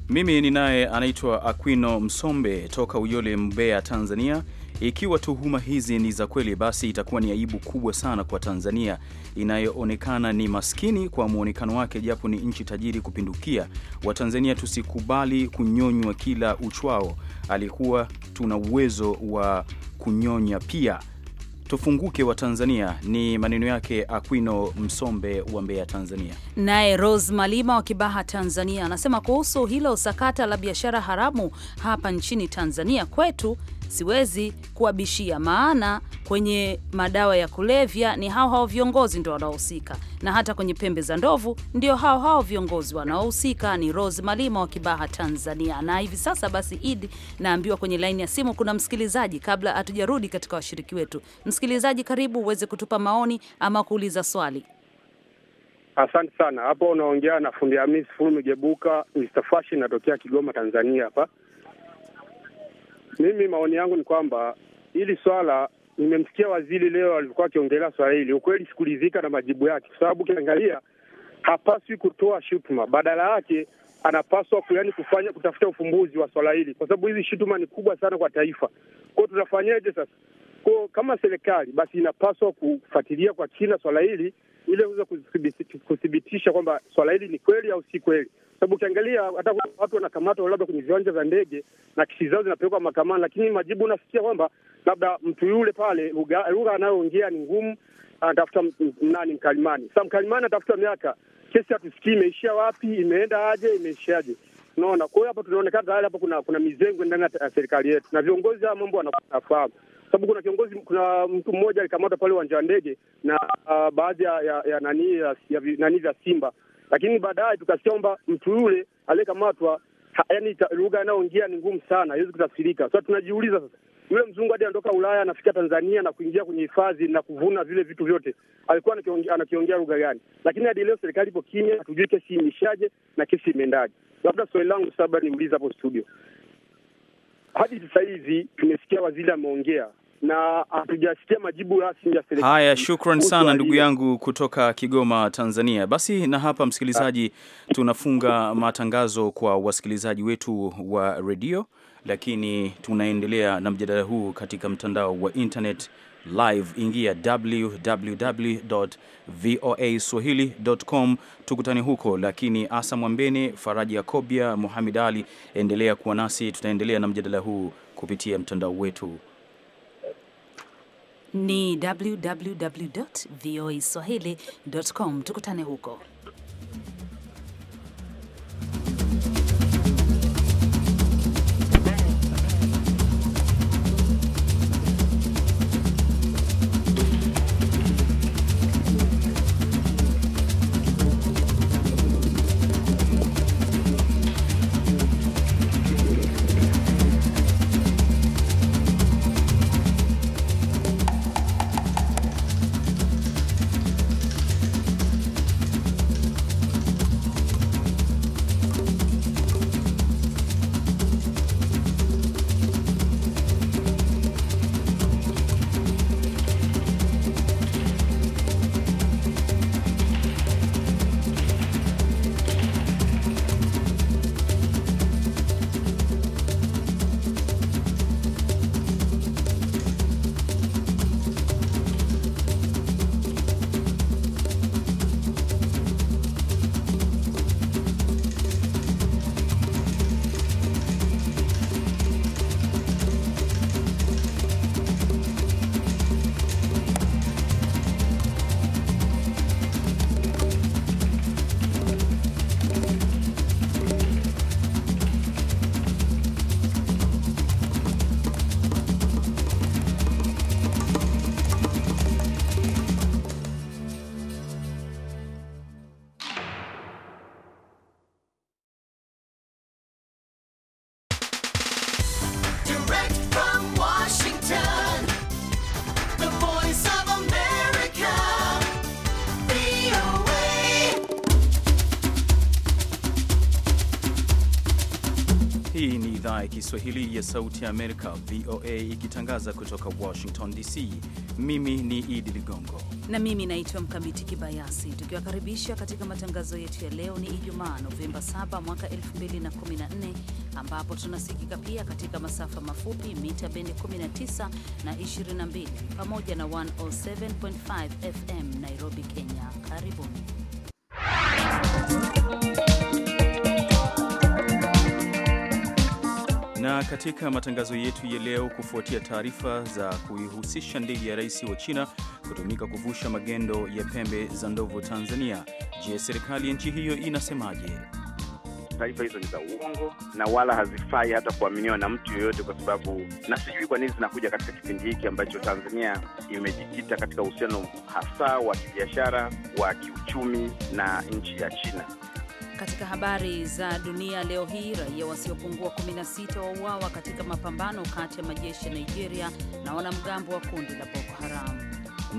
[SPEAKER 1] Mimi ni naye anaitwa Aquino Msombe toka Uyole, Mbeya, Tanzania. Ikiwa tuhuma hizi ni za kweli, basi itakuwa ni aibu kubwa sana kwa Tanzania inayoonekana ni maskini kwa mwonekano wake, japo ni nchi tajiri kupindukia. Watanzania tusikubali kunyonywa kila uchwao, alikuwa tuna uwezo wa kunyonya pia tufunguke wa Tanzania ni maneno yake Aquino Msombe wa Mbeya, Tanzania.
[SPEAKER 2] Naye Rose Malima wa Kibaha, Tanzania, anasema kuhusu hilo sakata la biashara haramu hapa nchini Tanzania kwetu siwezi kuwabishia, maana kwenye madawa ya kulevya ni hao hao viongozi ndio wanaohusika, na hata kwenye pembe za ndovu ndio hao hao viongozi wanaohusika. Ni Rose Malima wa Kibaha, Tanzania. Na hivi sasa basi, id naambiwa kwenye laini ya simu kuna msikilizaji. Kabla hatujarudi katika washiriki wetu, msikilizaji, karibu uweze kutupa maoni ama kuuliza swali.
[SPEAKER 6] Asante sana. Hapo unaongea na fundi Hamis Fulmi Gebuka, Mr natokea Kigoma, Tanzania hapa mimi maoni yangu ni kwamba hili swala, nimemsikia waziri leo alivyokuwa akiongelea swala hili, ukweli sikulizika na majibu yake, kwa sababu ukiangalia hapaswi kutoa shutuma, badala yake anapaswa yani kufanya kutafuta ufumbuzi wa swala hili, kwa sababu hizi shutuma ni kubwa sana kwa taifa. Kwao tunafanyaje sasa? Kwao kama serikali basi inapaswa kufuatilia kwa kina swala hili ili aweze kuthibitisha kwamba swala hili ni kweli au si kweli, sababu ukiangalia hata watu wanakamatwa labda kwenye viwanja vya ndege na kesi zao zinapelekwa mahakamani, lakini majibu unasikia kwamba labda mtu yule pale, lugha anayoongea ni ngumu, anatafuta nani, mkalimani. Sasa mkalimani anatafuta miaka, kesi hatusikii imeishia wapi, imeenda aje, imeishiaje? Unaona, kwa hiyo hapa tunaonekana tayari hapa kuna kuna mizengo ndani ya serikali yetu na viongozi hawa mambo wanafahamu sababu kuna kiongozi, kuna mtu mmoja alikamata pale uwanja wa ndege na uh, baadhi ya, ya, ya nani ya, ya nani vya Simba, lakini baadaye tukasikia kwamba mtu yule aliyekamatwa, yaani lugha anayoongea ni ngumu sana, haiwezi kutafsirika. Sasa so, tunajiuliza sasa yule mzungu hadi anatoka Ulaya anafikia Tanzania na kuingia kwenye hifadhi na kuvuna vile vitu vyote, alikuwa anakiongea lugha gani? Lakini hadi leo serikali ipo kimya, hatujui kesi imeishaje na kesi imeendaje. Labda swali langu sasa, niulize hapo studio, hadi sasa hivi tumesikia waziri ameongea, na hatujasikia majibu rasmi ya serikali. Haya, shukran sana ndugu
[SPEAKER 1] yangu kutoka Kigoma, Tanzania. Basi na hapa, msikilizaji, tunafunga matangazo kwa wasikilizaji wetu wa redio, lakini tunaendelea na mjadala huu katika mtandao wa internet live. Ingia www.voaswahili.com, tukutane huko. Lakini Asa Mwambene, Faraji Yakobia, muhamed Ali, endelea kuwa nasi, tutaendelea na mjadala huu kupitia mtandao wetu
[SPEAKER 2] ni com Tukutane huko.
[SPEAKER 1] idhaa ya Kiswahili ya Sauti ya Amerika, VOA, ikitangaza kutoka Washington DC. Mimi ni Idi Ligongo
[SPEAKER 2] na mimi naitwa Mkamiti Kibayasi, tukiwakaribisha katika matangazo yetu ya leo. Ni Ijumaa, Novemba 7 mwaka 2014, ambapo tunasikika pia katika masafa mafupi mita bendi 19 na 22 pamoja na 107.5 FM Nairobi, Kenya. Karibuni
[SPEAKER 1] Na katika matangazo yetu ya leo, kufuatia taarifa za kuihusisha ndege ya rais wa China kutumika kuvusha magendo ya pembe za ndovu Tanzania, je, serikali ya nchi hiyo inasemaje? Taarifa hizo ni za uongo na wala hazifai hata kuaminiwa na mtu yoyote, kwa sababu na sijui kwa nini zinakuja katika
[SPEAKER 3] kipindi hiki ambacho Tanzania imejikita katika uhusiano hasa wa kibiashara wa kiuchumi na nchi ya China
[SPEAKER 2] katika habari za dunia leo hii, raia wasiopungua 16 wauawa katika mapambano kati ya majeshi ya Nigeria na wanamgambo wa kundi la Boko Haram.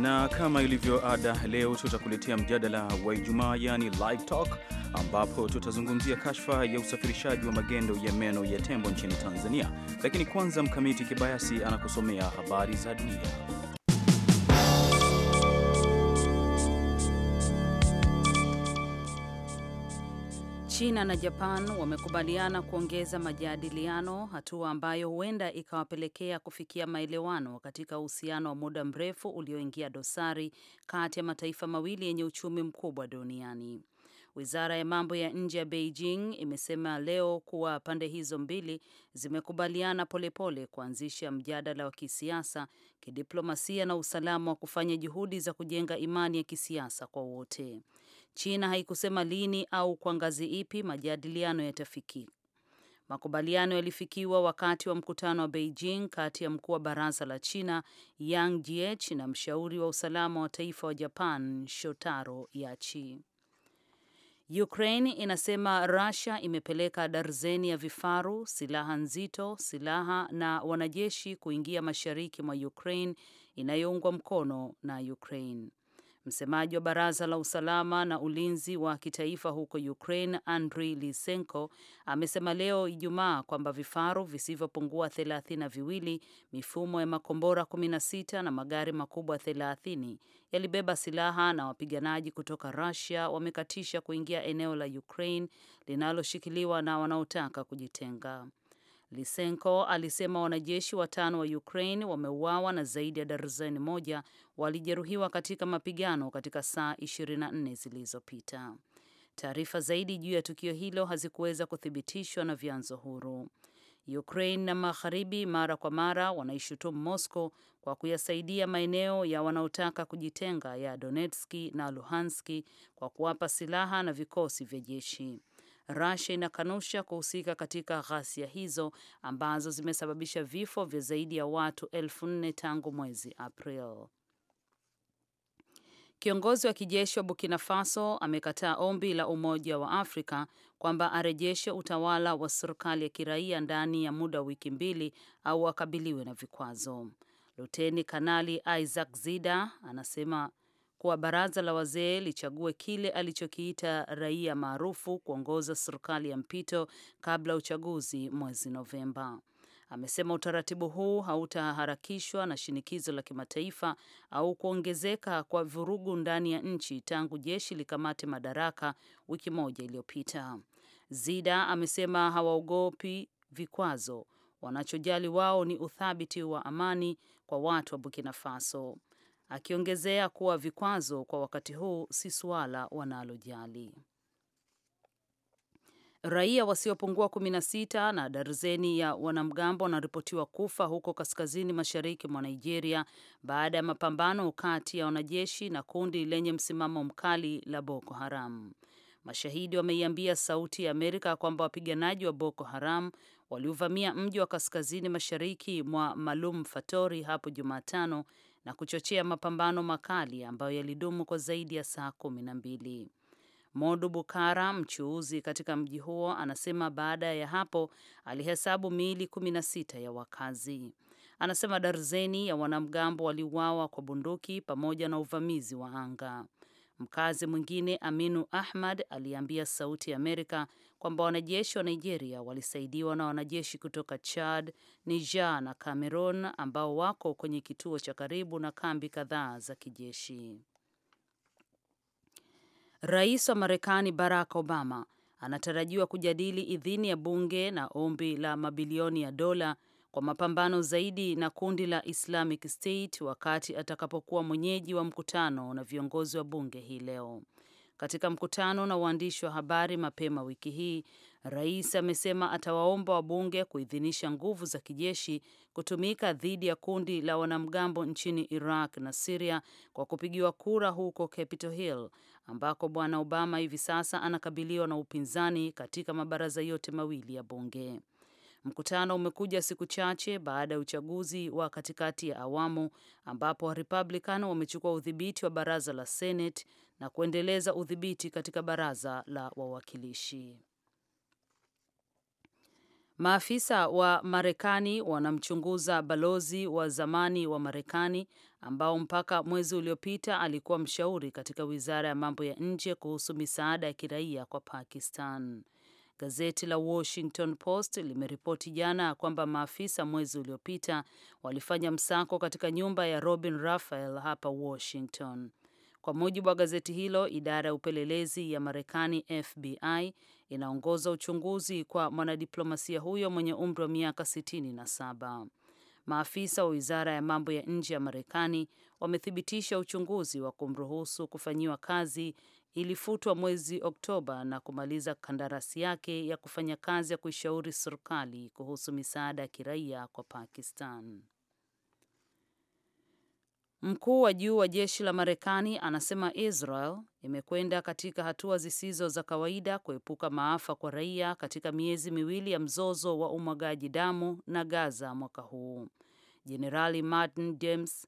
[SPEAKER 1] Na kama ilivyo ada, leo tutakuletea mjadala wa Ijumaa, yani live talk, ambapo tutazungumzia kashfa ya usafirishaji wa magendo ya meno ya tembo nchini Tanzania. Lakini kwanza, Mkamiti Kibayasi anakusomea habari za dunia.
[SPEAKER 2] China na Japan wamekubaliana kuongeza majadiliano, hatua ambayo huenda ikawapelekea kufikia maelewano katika uhusiano wa muda mrefu ulioingia dosari kati ya mataifa mawili yenye uchumi mkubwa duniani. Wizara ya mambo ya nje ya Beijing imesema leo kuwa pande hizo mbili zimekubaliana polepole kuanzisha mjadala wa kisiasa, kidiplomasia na usalama wa kufanya juhudi za kujenga imani ya kisiasa kwa wote. China haikusema lini au kwa ngazi ipi majadiliano yatafikia. Makubaliano yalifikiwa wakati wa mkutano wa Beijing kati ya mkuu wa baraza la China Yang Jiechi na mshauri wa usalama wa taifa wa Japan Shotaro Yachi. Ukraine inasema Russia imepeleka darzeni ya vifaru, silaha nzito, silaha na wanajeshi kuingia mashariki mwa Ukraine inayoungwa mkono na Ukraine. Msemaji wa baraza la usalama na ulinzi wa kitaifa huko Ukraine, Andriy Lisenko, amesema leo Ijumaa kwamba vifaru visivyopungua thelathini na viwili, mifumo ya makombora 16 na magari makubwa 30 yalibeba silaha na wapiganaji kutoka Russia wamekatisha kuingia eneo la Ukraine linaloshikiliwa na wanaotaka kujitenga. Lisenko alisema wanajeshi watano wa Ukraine wameuawa na zaidi ya darzeni moja walijeruhiwa katika mapigano katika saa 24 zilizopita. Taarifa zaidi juu ya tukio hilo hazikuweza kuthibitishwa na vyanzo huru. Ukraine na magharibi mara kwa mara wanaishutumu Moscow kwa kuyasaidia maeneo ya wanaotaka kujitenga ya Donetski na Luhanski kwa kuwapa silaha na vikosi vya jeshi. Russia inakanusha kuhusika katika ghasia hizo ambazo zimesababisha vifo vya zaidi ya watu elfu nne tangu mwezi April. Kiongozi wa kijeshi wa Burkina Faso amekataa ombi la Umoja wa Afrika kwamba arejeshe utawala wa serikali ya kiraia ndani ya muda wa wiki mbili au akabiliwe na vikwazo. Luteni Kanali Isaac Zida anasema kuwa baraza la wazee lichague kile alichokiita raia maarufu kuongoza serikali ya mpito kabla uchaguzi mwezi Novemba. Amesema utaratibu huu hautaharakishwa na shinikizo la kimataifa au kuongezeka kwa vurugu ndani ya nchi tangu jeshi likamate madaraka wiki moja iliyopita. Zida amesema hawaogopi vikwazo, wanachojali wao ni uthabiti wa amani kwa watu wa Burkina Faso akiongezea kuwa vikwazo kwa wakati huu si suala wanalojali. Raia wasiopungua 16 na darzeni ya wanamgambo wanaripotiwa kufa huko kaskazini mashariki mwa Nigeria baada ya mapambano kati ya wanajeshi na kundi lenye msimamo mkali la Boko Haram. Mashahidi wameiambia Sauti ya Amerika kwamba wapiganaji wa Boko Haram waliuvamia mji wa kaskazini mashariki mwa Malum Fatori hapo Jumatano na kuchochea mapambano makali ambayo yalidumu kwa zaidi ya saa kumi na mbili. Modu Bukara, mchuuzi katika mji huo, anasema baada ya hapo alihesabu miili kumi na sita ya wakazi. Anasema darzeni ya wanamgambo waliuawa kwa bunduki pamoja na uvamizi wa anga. Mkazi mwingine Aminu Ahmad aliambia Sauti ya Amerika kwamba wanajeshi wa Nigeria walisaidiwa na wanajeshi kutoka Chad, Niger na Cameroon ambao wako kwenye kituo cha karibu na kambi kadhaa za kijeshi. Rais wa Marekani Barack Obama anatarajiwa kujadili idhini ya bunge na ombi la mabilioni ya dola kwa mapambano zaidi na kundi la Islamic State wakati atakapokuwa mwenyeji wa mkutano na viongozi wa bunge hii leo. Katika mkutano na waandishi wa habari mapema wiki hii, rais amesema atawaomba wabunge kuidhinisha nguvu za kijeshi kutumika dhidi ya kundi la wanamgambo nchini Iraq na Siria kwa kupigiwa kura huko Capitol Hill ambako bwana Obama hivi sasa anakabiliwa na upinzani katika mabaraza yote mawili ya bunge. Mkutano umekuja siku chache baada ya uchaguzi wa katikati ya awamu ambapo Warepublican wamechukua udhibiti wa baraza la Senate na kuendeleza udhibiti katika baraza la wawakilishi. Maafisa wa Marekani wanamchunguza balozi wa zamani wa Marekani ambao mpaka mwezi uliopita alikuwa mshauri katika wizara ya mambo ya nje kuhusu misaada ya kiraia kwa Pakistan. Gazeti la Washington Post limeripoti jana kwamba maafisa mwezi uliopita walifanya msako katika nyumba ya Robin Raphael hapa Washington. Kwa mujibu wa gazeti hilo, idara ya upelelezi ya Marekani FBI inaongoza uchunguzi kwa mwanadiplomasia huyo mwenye umri wa miaka 67. Maafisa wa wizara ya mambo ya nje ya Marekani wamethibitisha uchunguzi wa kumruhusu kufanyiwa kazi ilifutwa mwezi Oktoba na kumaliza kandarasi yake ya kufanya kazi ya kuishauri serikali kuhusu misaada ya kiraia kwa Pakistan. Mkuu wa juu wa jeshi la Marekani anasema Israel imekwenda katika hatua zisizo za kawaida kuepuka maafa kwa raia katika miezi miwili ya mzozo wa umwagaji damu na Gaza mwaka huu. Jenerali Martin James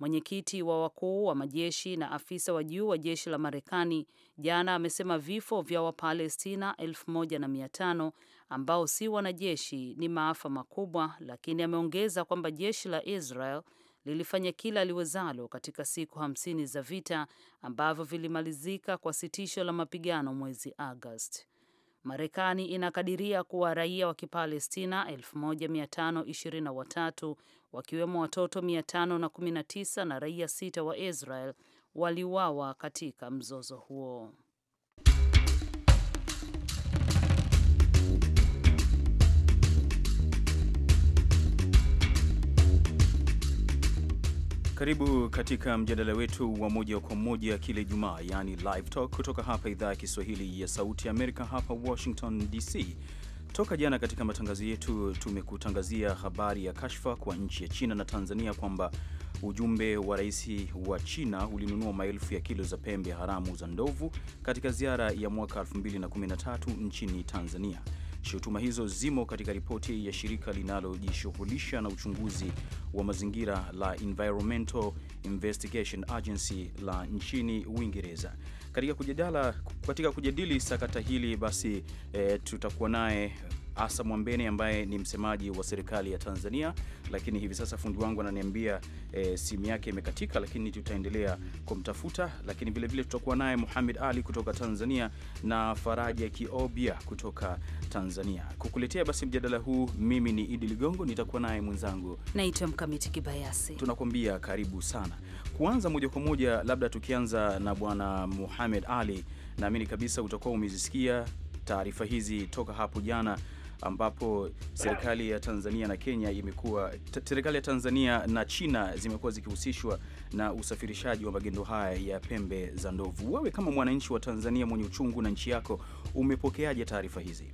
[SPEAKER 2] Mwenyekiti wa wakuu wa majeshi na afisa wa juu wa jeshi la Marekani jana amesema vifo vya Wapalestina 1500 ambao si wanajeshi ni maafa makubwa, lakini ameongeza kwamba jeshi la Israel lilifanya kila liwezalo katika siku hamsini za vita ambavyo vilimalizika kwa sitisho la mapigano mwezi Agosti. Marekani inakadiria kuwa raia wa Kipalestina 1523 wakiwemo watoto 519 na raia sita wa Israel waliuawa katika mzozo huo.
[SPEAKER 1] Karibu katika mjadala wetu wa moja kwa moja kila Ijumaa, yaani live talk, kutoka hapa idhaa ya Kiswahili ya Sauti ya Amerika, hapa Washington DC. Toka jana katika matangazo yetu tumekutangazia habari ya kashfa kwa nchi ya China na Tanzania kwamba ujumbe wa rais wa China ulinunua maelfu ya kilo za pembe haramu za ndovu katika ziara ya mwaka 2013 nchini Tanzania. Shutuma hizo zimo katika ripoti ya shirika linalojishughulisha na uchunguzi wa mazingira la Environmental Investigation Agency la nchini Uingereza katika kujadala katika kujadili sakata hili basi, e, tutakuwa naye Asa Mwambene ambaye ni msemaji wa serikali ya Tanzania, lakini hivi sasa fundi wangu ananiambia e, simu yake imekatika, lakini tutaendelea kumtafuta. Lakini vilevile tutakuwa naye Muhamed Ali kutoka Tanzania na Faraja Kiobia kutoka Tanzania kukuletea basi mjadala huu. Mimi ni Idi Ligongo, nitakuwa naye mwenzangu
[SPEAKER 2] naitwa Mkamiti Kibayasi.
[SPEAKER 1] Tunakuambia karibu sana. Kuanza moja kwa moja, labda tukianza na bwana Muhamed Ali, naamini kabisa utakuwa umezisikia taarifa hizi toka hapo jana ambapo serikali ya Tanzania na Kenya imekuwa serikali ya Tanzania na China zimekuwa zikihusishwa na usafirishaji wa magendo haya ya pembe za ndovu. Wewe kama mwananchi wa Tanzania mwenye uchungu na nchi yako, umepokeaje taarifa hizi?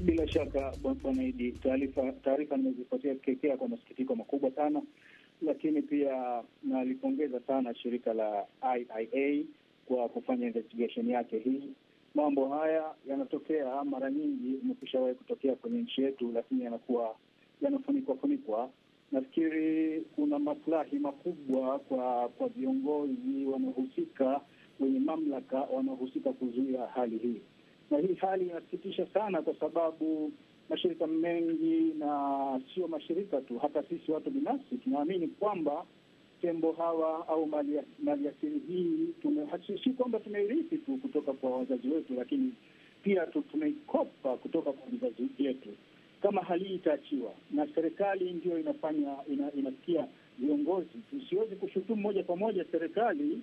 [SPEAKER 5] Bila shaka bwana Idi, taarifa taarifa nimezipatia kekea kwa masikitiko makubwa sana, lakini pia nalipongeza sana shirika la IIA kwa kufanya investigation yake hii mambo haya yanatokea mara nyingi, imekwishawahi kutokea kwenye nchi yetu, lakini yanakuwa yanafunikwa funikwa. Nafikiri kuna maslahi makubwa kwa kwa viongozi wanaohusika, wenye mamlaka wanaohusika kuzuia hali hii, na hii hali inasikitisha sana, kwa sababu mashirika mengi na sio mashirika tu, hata sisi watu binafsi tunaamini kwamba tembo hawa au maliasili hii, si kwamba tumeirithi tu kutoka kwa wazazi wetu, lakini pia tumeikopa kutoka kwa vizazi vyetu. Kama hali hii itaachiwa na serikali, ndio inafanya ina, inasikia viongozi. Siwezi kushutumu moja kwa moja serikali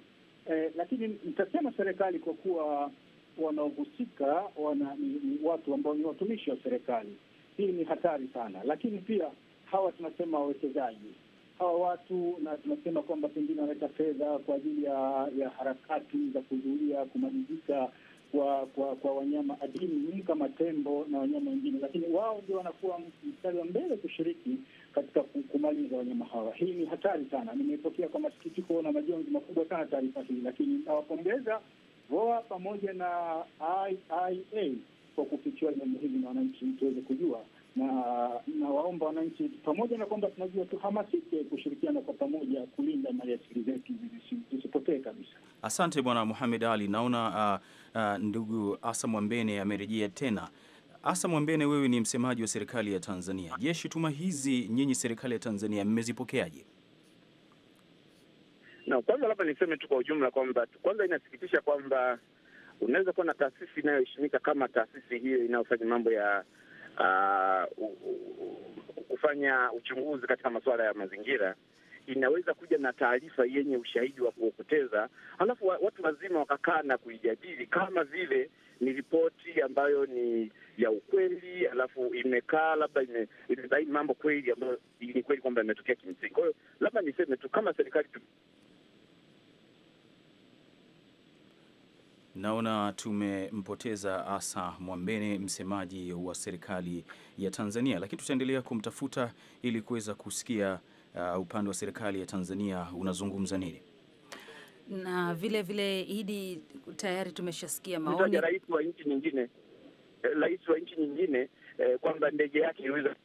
[SPEAKER 5] eh, lakini nitasema serikali kwa kuwa wanaohusika wana, ni, ni watu ambao ni watumishi wa serikali. Hii ni hatari sana, lakini pia hawa tunasema wawekezaji hawa watu na tunasema kwamba pengine wanaleta fedha kwa ajili ya, ya harakati za kuzuia kumalizika kwa, kwa kwa wanyama adimu kama tembo na wanyama wengine, lakini wao ndio wanakuwa mstari wa mbele kushiriki katika kumaliza wanyama hawa. Hii ni hatari sana, nimepokea kwa masikitiko na majonzi makubwa sana taarifa hii, lakini nawapongeza VOA pamoja na IIA kwa kufichua jambo hili na wananchi tuweze kujua na nawaomba wananchi, pamoja na kwamba tunajua, tuhamasike kushirikiana kwa pamoja kulinda maliasili zetu zisipotee kabisa.
[SPEAKER 1] Asante Bwana Muhamed Ali. Naona uh, uh, ndugu Asa Mwambene amerejea tena. Asa Mwambene, wewe ni msemaji wa serikali ya Tanzania. Je, shutuma hizi nyinyi serikali ya Tanzania mmezipokeaje?
[SPEAKER 6] Na kwanza labda niseme tu kwa ujumla kwamba kwanza inasikitisha kwamba unaweza kuwa na taasisi inayoheshimika kama taasisi hiyo inayofanya
[SPEAKER 3] mambo ya uh, kufanya uchunguzi katika masuala ya mazingira inaweza kuja na taarifa yenye ushahidi wa kuopoteza, alafu watu wazima wakakaa na kuijadili kama vile ni ripoti ambayo ni ya
[SPEAKER 6] ukweli, alafu imekaa labda imebaini mambo kweli ambayo ni kweli kwamba imetokea kimsingi. Kwa hiyo labda niseme tu kama serikali
[SPEAKER 1] Naona tumempoteza Asa Mwambene, msemaji wa serikali ya Tanzania, lakini tutaendelea kumtafuta ili kuweza kusikia uh, upande wa serikali ya Tanzania unazungumza nini
[SPEAKER 2] na vile vile tayari tumeshasikia maoni ya
[SPEAKER 1] rais wa nchi nyingine, eh, rais wa
[SPEAKER 3] nchi nyingine eh, kwamba ndege yake iweza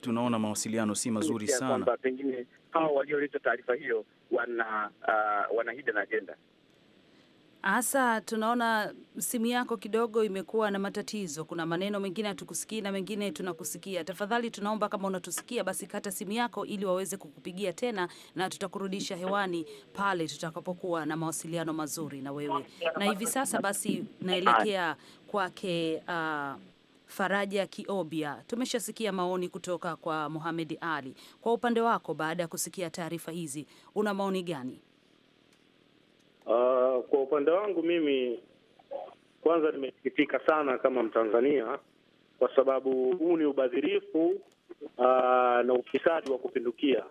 [SPEAKER 1] Tunaona mawasiliano si mazuri sana, kwamba
[SPEAKER 3] pengine hao walioleta taarifa hiyo wana uh, wana hidden agenda.
[SPEAKER 2] Hasa tunaona simu yako kidogo imekuwa na matatizo. Kuna maneno mengine hatukusikii na mengine tunakusikia. Tafadhali tunaomba kama unatusikia, basi kata simu yako ili waweze kukupigia tena, na tutakurudisha hewani pale tutakapokuwa na mawasiliano mazuri na wewe. Na hivi sasa basi naelekea kwake uh, Faraja Kiobia, tumeshasikia maoni kutoka kwa Muhamed Ali. Kwa upande wako, baada ya kusikia taarifa hizi, una maoni gani?
[SPEAKER 6] Uh, kwa upande wangu mimi kwanza nimesikitika sana kama Mtanzania kwa sababu huu ni ubadhirifu uh, na ufisadi wa kupindukia,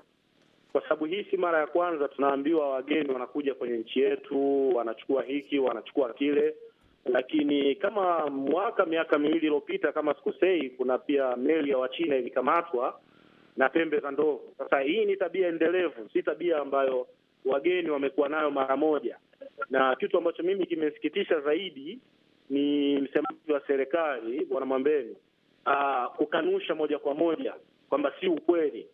[SPEAKER 6] kwa sababu hii si mara ya kwanza tunaambiwa wageni wanakuja kwenye nchi yetu, wanachukua hiki, wanachukua kile lakini kama mwaka miaka miwili iliyopita, kama sikosei, kuna pia meli ya Wachina ilikamatwa na pembe za ndovu. Sasa hii ni tabia endelevu, si tabia ambayo wageni wamekuwa nayo mara moja, na kitu ambacho mimi kimesikitisha zaidi ni msemaji wa serikali Bwana Mwambeni ah, kukanusha moja kwa moja kwamba si ukweli.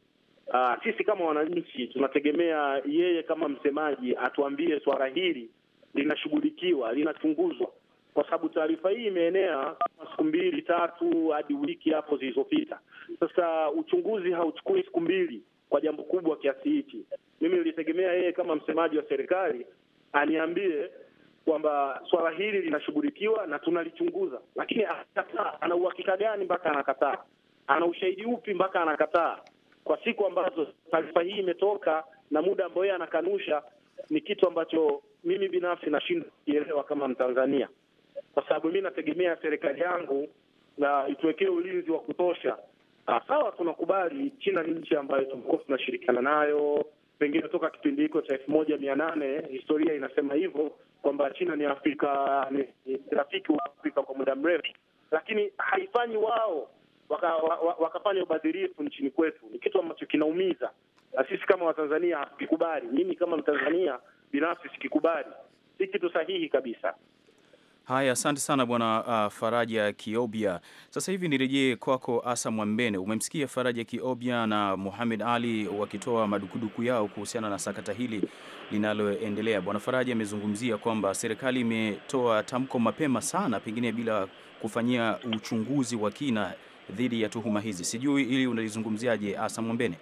[SPEAKER 6] Aa, ah, sisi kama wananchi tunategemea yeye kama msemaji atuambie swala hili linashughulikiwa, linachunguzwa kwa sababu taarifa hii imeenea kama siku mbili tatu hadi wiki hapo zilizopita. Sasa uchunguzi hauchukui siku mbili kwa jambo kubwa kiasi hichi. Mimi nilitegemea yeye kama msemaji wa serikali aniambie kwamba swala hili linashughulikiwa na tunalichunguza, lakini akataa. Ana uhakika gani mpaka anakataa? Ana ushahidi upi mpaka anakataa? Kwa siku ambazo taarifa hii imetoka na muda ambao yeye anakanusha, ni kitu ambacho mimi binafsi nashindwa kukielewa kama Mtanzania kwa sababu mi nategemea serikali yangu na ituwekee ulinzi wa kutosha. Ah, sawa, tunakubali China ni nchi ambayo tumekuwa tunashirikiana nayo pengine toka kipindi hiko cha elfu moja mia nane. Historia inasema hivyo kwamba China ni Afrika, ni rafiki wa Afrika kwa muda mrefu, lakini haifanyi wao wakafanya waka, waka ubadhirifu nchini kwetu. Ni kitu ambacho kinaumiza, na sisi kama Watanzania hatukikubali. Mimi kama Mtanzania binafsi sikikubali, si kitu sahihi kabisa.
[SPEAKER 1] Haya, asante sana bwana uh, Faraja Kiobia. Sasa hivi nirejee kwako Asa Mwambene. Umemsikia Faraja Kiobia na Muhamed Ali wakitoa madukuduku yao kuhusiana na sakata hili linaloendelea. Bwana Faraja amezungumzia kwamba serikali imetoa tamko mapema sana, pengine bila kufanyia uchunguzi wa kina dhidi ya tuhuma hizi. Sijui ili unalizungumziaje, Asa Mwambene?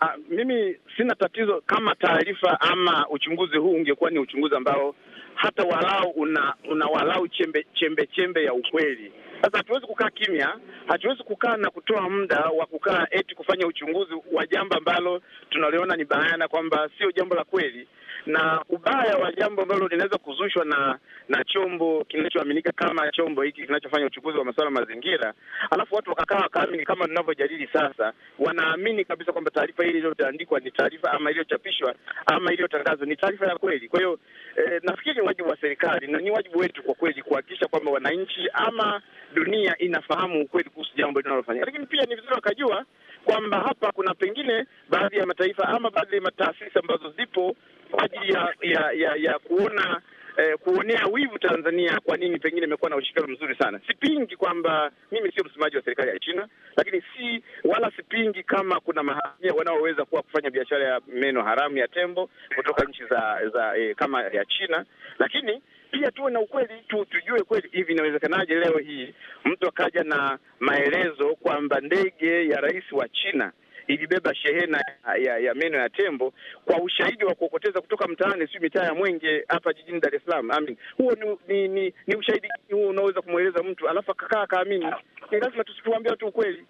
[SPEAKER 3] Ah, mimi sina tatizo kama taarifa ama uchunguzi huu ungekuwa ni uchunguzi ambao hata walau una, una walau chembe chembe chembe ya ukweli. Sasa hatuwezi kukaa kimya, hatuwezi kukaa na kutoa muda wa kukaa eti kufanya uchunguzi wa jambo ambalo tunaliona ni bayana kwamba sio jambo la kweli na ubaya wa jambo ambalo linaweza kuzushwa na na chombo kinachoaminika kama chombo hiki kinachofanya uchunguzi wa masuala mazingira, alafu watu wakakaa wakaamini kama ninavyojadili sasa, wanaamini kabisa kwamba taarifa hii iliyoandikwa ni taarifa ama iliyochapishwa ama iliyotangazwa ni taarifa ya kweli. Kwa hiyo eh, nafikiri ni wajibu wa serikali na ni wajibu wetu kwa kweli kuhakikisha kwamba wananchi ama dunia inafahamu ukweli kuhusu jambo linalofanyika, lakini pia ni vizuri wakajua kwamba hapa kuna pengine baadhi ya mataifa ama baadhi ya mataasisi ambazo zipo kwa ajili ya, ya, ya, ya kuona Eh, kuonea wivu Tanzania kwa nini pengine imekuwa na ushirikiano mzuri sana. Sipingi kwamba mimi sio msemaji wa serikali ya China, lakini si wala sipingi kama kuna maharamia wanaoweza kuwa kufanya biashara ya meno haramu ya tembo kutoka nchi za za eh, kama ya China, lakini pia tuwe na ukweli tu, tujue kweli hivi inawezekanaje leo hii mtu akaja na maelezo kwamba ndege ya rais wa China ilibeba shehena ya, ya meno ya tembo kwa ushahidi wa kuokoteza kutoka mtaani, si mitaa ya Mwenge hapa jijini Dar es Salaam. Amin, huo ni, ni, ni, ni ushahidi huo unaweza kumweleza mtu alafu akakaa akaamini? Ni lazima tusiwaambie watu
[SPEAKER 6] ukweli.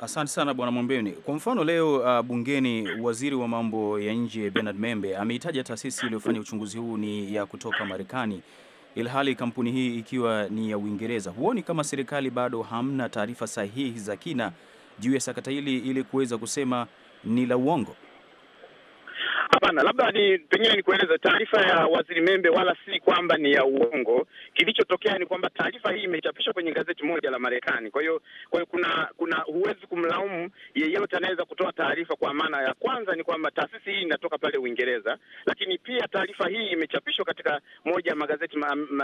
[SPEAKER 1] Asante sana bwana Mwambeni. Kwa mfano leo uh, bungeni waziri wa mambo ya nje Bernard Membe ameitaja taasisi iliyofanya uchunguzi huu ni ya kutoka Marekani, ilhali kampuni hii ikiwa ni ya Uingereza. Huoni kama serikali bado hamna taarifa sahihi za kina juu ya sakata hili ili kuweza kusema ni la uongo?
[SPEAKER 3] Hapana, labda ni pengine nikueleze taarifa ya waziri Membe, wala si kwamba ni ya uongo. Kilichotokea ni kwamba taarifa hii imechapishwa kwenye gazeti moja la Marekani. Kwa hiyo kwa hiyo kuna kuna huwezi kumlaumu yeyote anaweza kutoa taarifa, kwa maana ya kwanza ni kwamba taasisi hii inatoka pale Uingereza, lakini pia taarifa hii imechapishwa katika moja ya magazeti maarufu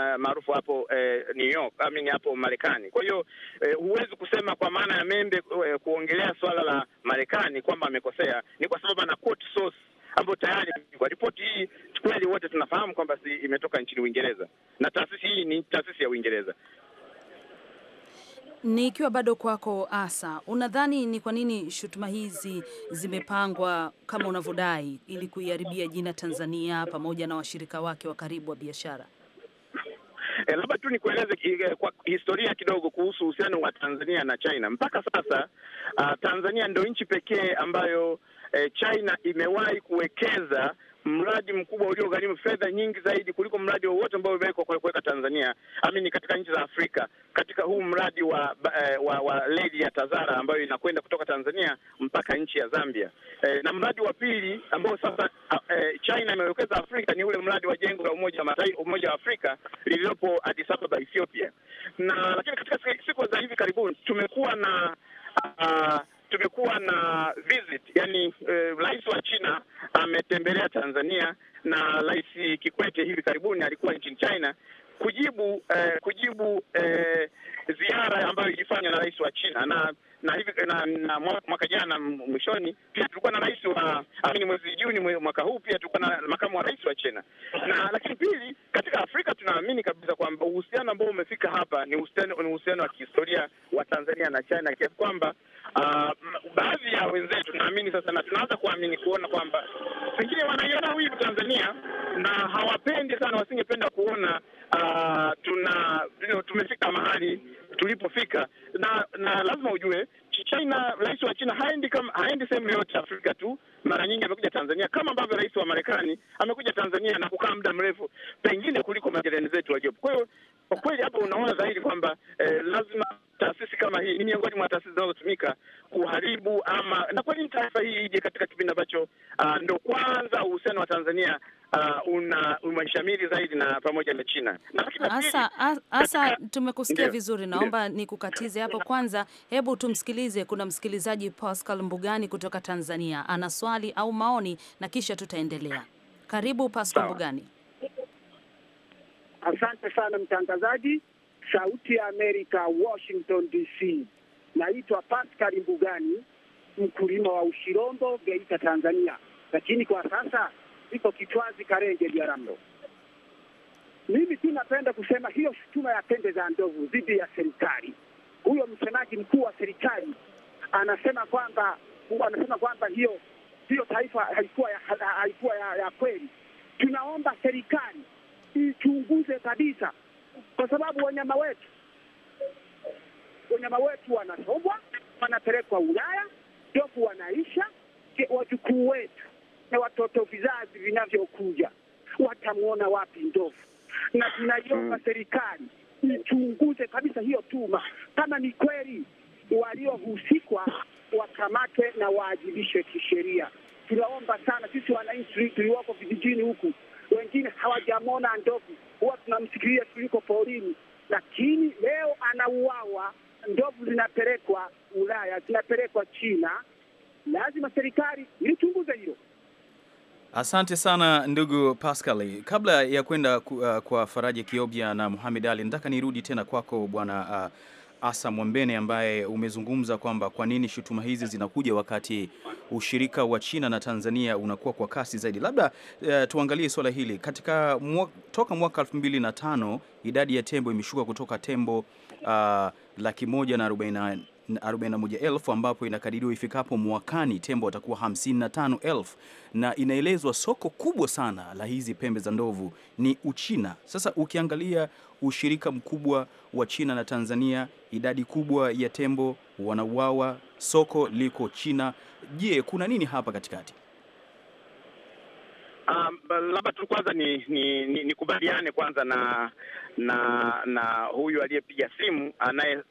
[SPEAKER 3] ma, ma, hapo eh, New York I mean, hapo Marekani. Kwa hiyo eh, huwezi kusema kwa maana ya Membe eh, kuongelea swala la Marekani kwamba amekosea, ni kwa sababu ana quote source ambayo tayari kwa Ripoti hii kweli wote tunafahamu kwamba si imetoka nchini Uingereza na taasisi hii ni taasisi ya Uingereza.
[SPEAKER 2] Nikiwa bado kwako Asa, unadhani ni kwa nini shutuma hizi zimepangwa kama unavyodai ili kuiharibia jina Tanzania pamoja na washirika wake wa karibu wa biashara?
[SPEAKER 3] E, labda tu nikueleze eh, kwa historia kidogo kuhusu uhusiano wa Tanzania na China. Mpaka sasa uh, Tanzania ndio nchi pekee ambayo eh, China imewahi kuwekeza mradi mkubwa uliogharimu fedha nyingi zaidi kuliko mradi wowote ambao umewekwa kuweka Tanzania amini katika nchi za Afrika katika huu mradi wa eh, wa, wa reli ya Tazara ambayo inakwenda kutoka Tanzania mpaka nchi ya Zambia. E, na mradi wa pili ambao sasa e, China imewekeza Afrika ni ule mradi wa jengo la Umoja wa Mataifa, Umoja wa Afrika lililopo Addis Ababa, Ethiopia. Na lakini katika siku za hivi karibuni tumekuwa na uh, tumekuwa na visit, yani eh, rais wa China ametembelea Tanzania na Rais Kikwete hivi karibuni alikuwa nchini China kujibu eh, kujibu eh, ziara ambayo ilifanywa na rais wa China na na hivi na, na mwaka jana mwishoni pia tulikuwa na rais wa amini, mwezi Juni mwaka huu pia tulikuwa na makamu wa rais wa China. Na lakini pili, katika Afrika tunaamini kabisa kwamba uhusiano ambao umefika hapa ni uhusiano ni uhusiano wa kihistoria wa Tanzania na China kiasi kwamba Uh, baadhi ya wenzetu naamini sasa, na tunaanza kuamini kuona kwamba pengine wanaiona wivu Tanzania na hawapendi sana, wasingependa kuona uh, tuna you know, tumefika mahali tulipofika, na na lazima ujue China, rais wa China haendi kama haendi sehemu yoyote Afrika tu, mara nyingi amekuja Tanzania, kama ambavyo rais wa Marekani amekuja Tanzania na kukaa muda mrefu pengine kuliko majirani zetu waliopo. Kwa hiyo kwa kweli hapo unaona dhahiri kwamba eh, lazima taasisi kama hii ni miongoni mwa taasisi zinazotumika kuharibu ama, na kwa nini taarifa hii ije katika kipindi ambacho uh, ndo kwanza uhusiano wa Tanzania uh, una umeshamiri zaidi na pamoja na China.
[SPEAKER 2] Asa, asa tumekusikia vizuri naomba nikukatize hapo kwanza, hebu tumsikilize. Kuna msikilizaji Pascal Mbugani kutoka Tanzania ana swali au maoni na kisha tutaendelea. Karibu Pascal Sawa. Mbugani.
[SPEAKER 4] Asante sana mtangazaji Sauti ya Amerika, Washington DC. Naitwa Pascal Mbugani, mkulima wa Ushirombo, Geita, Tanzania, lakini kwa sasa ziko Kitwazi, Karenge, Byaramlo. Mimi tu napenda kusema hiyo shutuma ya pembe za ndovu dhidi ya serikali, huyo msemaji mkuu wa serikali anasema kwamba anasema kwamba hiyo hiyo taifa haikuwa ya, haikuwa ya, ya kweli. Tunaomba serikali ichunguze kabisa, kwa sababu wanyama wetu wanyama wetu wanasombwa, wanapelekwa Ulaya, ndovu wanaisha, wajukuu wetu na watoto vizazi vinavyokuja watamwona wapi ndovu? Na tunaiomba mm. serikali ichunguze kabisa hiyo tuma, kama ni kweli waliohusikwa wakamatwe na waajibishwe kisheria. Tunaomba sana sisi wananchi tuliwako vijijini huku, wengine hawajamwona ndovu, huwa tunamsikilia tuliko porini, lakini leo anauawa. Ndovu zinapelekwa Ulaya, zinapelekwa China. Lazima serikali ilichunguze
[SPEAKER 2] hilo.
[SPEAKER 1] Asante sana ndugu Pascal. Kabla ya kwenda uh, kwa Faraja Kiobia na Muhamed Ali, nataka nirudi tena kwako bwana uh, Asa Mwambene ambaye umezungumza kwamba kwa nini shutuma hizi zinakuja wakati ushirika wa China na Tanzania unakuwa kwa kasi zaidi. Labda uh, tuangalie swala hili katika mwa, toka mwaka elfu mbili na tano idadi ya tembo imeshuka kutoka tembo uh, laki moja na arobaini 41,000 ambapo inakadiriwa ifikapo mwakani tembo watakuwa 55,000 na inaelezwa soko kubwa sana la hizi pembe za ndovu ni Uchina. Sasa ukiangalia ushirika mkubwa wa China na Tanzania, idadi kubwa ya tembo wanauawa, soko liko China. Je, kuna nini hapa katikati?
[SPEAKER 3] Um, labda tu kwanza ni, ni, ni, ni kwanza na na na huyu aliyepiga simu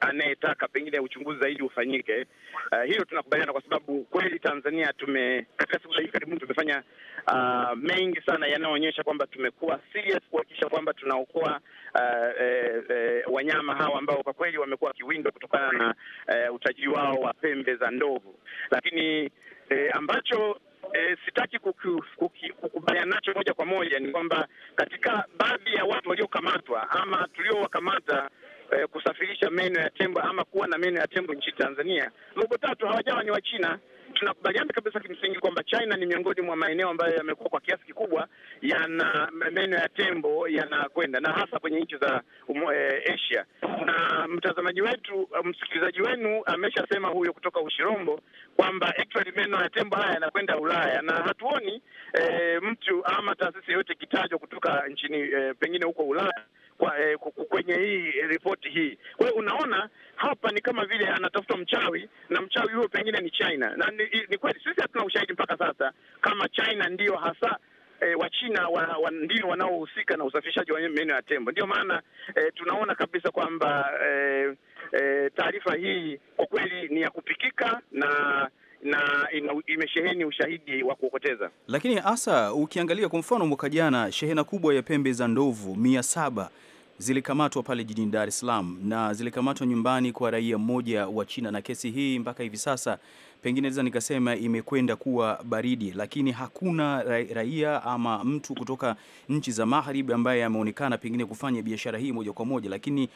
[SPEAKER 3] anayetaka pengine uchunguzi zaidi ufanyike. Uh, hiyo tunakubaliana kwa sababu kweli Tanzania tume katika siku za hivi karibuni tumefanya uh, mengi sana yanayoonyesha kwamba tumekuwa serious kuhakikisha kwamba tunaokoa uh, eh, eh, wanyama hawa ambao kwa kweli wamekuwa kiwindo kutokana na eh, utajiri wao wa pembe za ndovu, lakini eh, ambacho e, sitaki kukubaliana nacho moja kwa moja, ni kwamba katika baadhi ya watu waliokamatwa ama tuliowakamata e, kusafirisha meno ya tembo ama kuwa na meno ya tembo nchini Tanzania, robo tatu hawajawa ni Wachina tunakubaliana kabisa kimsingi kwamba China ni miongoni mwa maeneo ambayo yamekuwa kwa kiasi kikubwa yana meno ya tembo yanakwenda, na hasa kwenye nchi za umo, e, Asia. Na mtazamaji wetu, msikilizaji wenu ameshasema huyo kutoka Ushirombo kwamba actually meno ya tembo haya yanakwenda Ulaya, na hatuoni e, mtu ama taasisi yoyote ikitajwa kutoka nchini e, pengine huko Ulaya kwa, e, kwenye hii ripoti hii. Kwa hiyo unaona hapa ni kama vile anatafuta mchawi na mchawi huyo pengine ni China, na ni, ni kweli sisi hatuna ushahidi mpaka sasa kama China ndiyo hasa E, eh, Wachina wa, wa, ndio wanaohusika na usafirishaji wa meno ya tembo. Ndio maana e, tunaona kabisa kwamba e, e, taarifa hii kwa kweli ni ya kupikika na na imesheheni ushahidi wa kuokoteza.
[SPEAKER 1] Lakini hasa ukiangalia kwa mfano, mwaka jana shehena kubwa ya pembe za ndovu mia saba zilikamatwa pale jijini Dar es Salaam na zilikamatwa nyumbani kwa raia mmoja wa China, na kesi hii mpaka hivi sasa pengine naweza nikasema imekwenda kuwa baridi, lakini hakuna raia ama mtu kutoka nchi za magharibi ambaye ameonekana pengine kufanya biashara hii moja kwa moja, lakini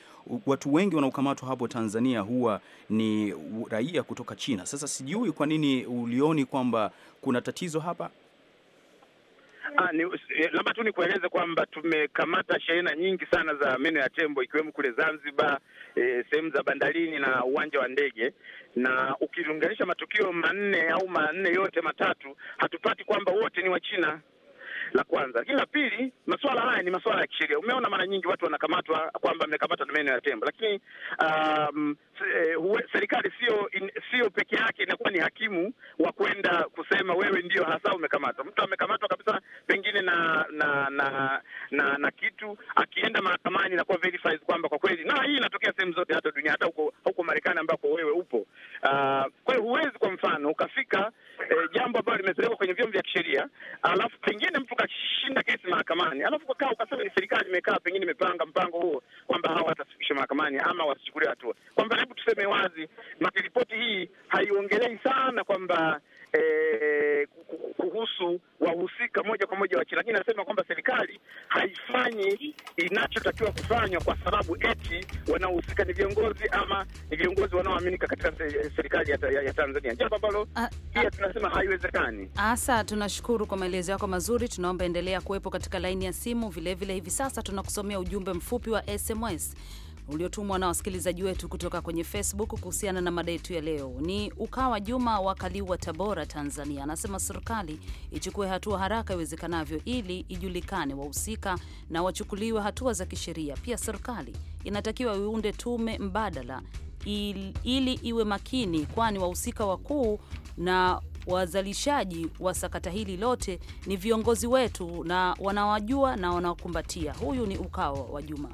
[SPEAKER 1] watu wengi wanaokamatwa hapo Tanzania huwa ni raia kutoka China. Sasa sijui kwa nini ulioni kwamba kuna tatizo hapa.
[SPEAKER 3] Ah, eh, labda tu nikueleze kwamba tumekamata shehena nyingi sana za meno ya tembo ikiwemo kule Zanzibar, e, sehemu za bandarini na uwanja wa ndege, na ukilinganisha matukio manne au manne yote matatu hatupati kwamba wote ni Wachina la kwanza. Lakini la pili, masuala haya ni masuala ya kisheria. Umeona mara nyingi watu wanakamatwa kwamba mmekamata domeni ya tembo, lakini um, eh, serikali sio sio peke yake inakuwa ni hakimu wa kwenda kusema wewe ndio hasa umekamatwa. Mtu amekamatwa kabisa pengine na na na na, na kitu, akienda mahakamani inakuwa verifies kwamba kwa kweli, na hii inatokea sehemu zote, hata dunia, hata huko huko Marekani ambako wewe upo. Uh, kwa hiyo huwezi kwa mfano ukafika eh, jambo ambalo limepelekwa kwenye vyombo vya kisheria, alafu pengine mtu kashinda kesi mahakamani, alafu kakaa ukasema ni serikali imekaa pengine imepanga mpango huo kwamba hawa watafikishwa mahakamani ama wasichukulia hatua. Kwamba hebu tuseme wazi, ripoti hii haiongelei sana kwamba eh, kuhusu wahusika moja kwa moja wa China, lakini anasema kwamba serikali haifanyi inachotakiwa kufanywa kwa sababu eti wanaohusika ni viongozi ama ni viongozi wanaoaminika katika serikali ya, ya Tanzania, jambo ambalo pia tunasema haiwezekani.
[SPEAKER 2] Asa, tunashukuru kwa maelezo yako mazuri, tunaomba endelea kuwepo katika laini ya simu vilevile. Hivi sasa tunakusomea ujumbe mfupi wa SMS uliotumwa na wasikilizaji wetu kutoka kwenye Facebook kuhusiana na mada yetu ya leo. Ni Ukawa Juma wa Kaliua, Tabora, Tanzania, anasema serikali ichukue hatua haraka iwezekanavyo ili ijulikane wahusika na wachukuliwe hatua za kisheria. Pia serikali inatakiwa iunde tume mbadala ili, ili iwe makini, kwani wahusika wakuu na wazalishaji wa sakata hili lote ni viongozi wetu na wanawajua na wanaokumbatia. Huyu ni Ukawa wa Juma.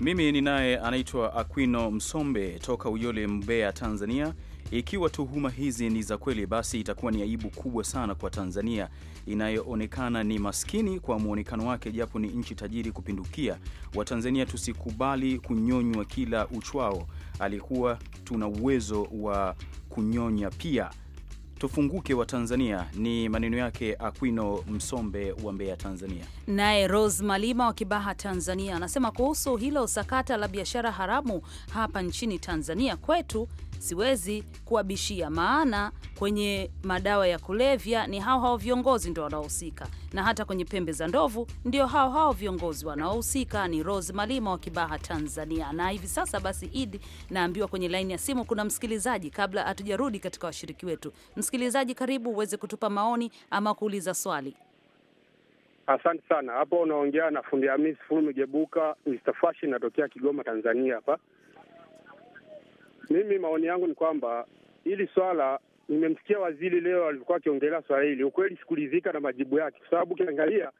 [SPEAKER 1] Mimi ni naye anaitwa Aquino Msombe toka Uyole, Mbeya, Tanzania. Ikiwa tuhuma hizi ni za kweli, basi itakuwa ni aibu kubwa sana kwa Tanzania inayoonekana ni maskini kwa mwonekano wake, japo ni nchi tajiri kupindukia. Watanzania tusikubali kunyonywa kila uchwao, alikuwa tuna uwezo wa kunyonya pia tufunguke wa Tanzania ni maneno yake Aquino Msombe wa Mbeya, Tanzania.
[SPEAKER 2] Naye Rose Malima wa Kibaha, Tanzania anasema kuhusu hilo sakata la biashara haramu hapa nchini Tanzania kwetu siwezi kuwabishia, maana kwenye madawa ya kulevya ni hao hao viongozi ndio wanaohusika, na hata kwenye pembe za ndovu ndio hao hao viongozi wanaohusika. Ni Rose Malima wa Kibaha, Tanzania. Na hivi sasa basi, Idi, naambiwa kwenye laini ya simu kuna msikilizaji. Kabla hatujarudi katika washiriki wetu, msikilizaji, karibu uweze kutupa maoni ama kuuliza swali.
[SPEAKER 6] Asante sana. Hapo unaongea na fundi Hamis Fulu Migebuka, Mr natokea Kigoma, Tanzania hapa mimi maoni yangu ni kwamba hili swala, nimemsikia waziri leo alivyokuwa akiongelea swala hili, ukweli sikulizika na majibu yake, kwa sababu ukiangalia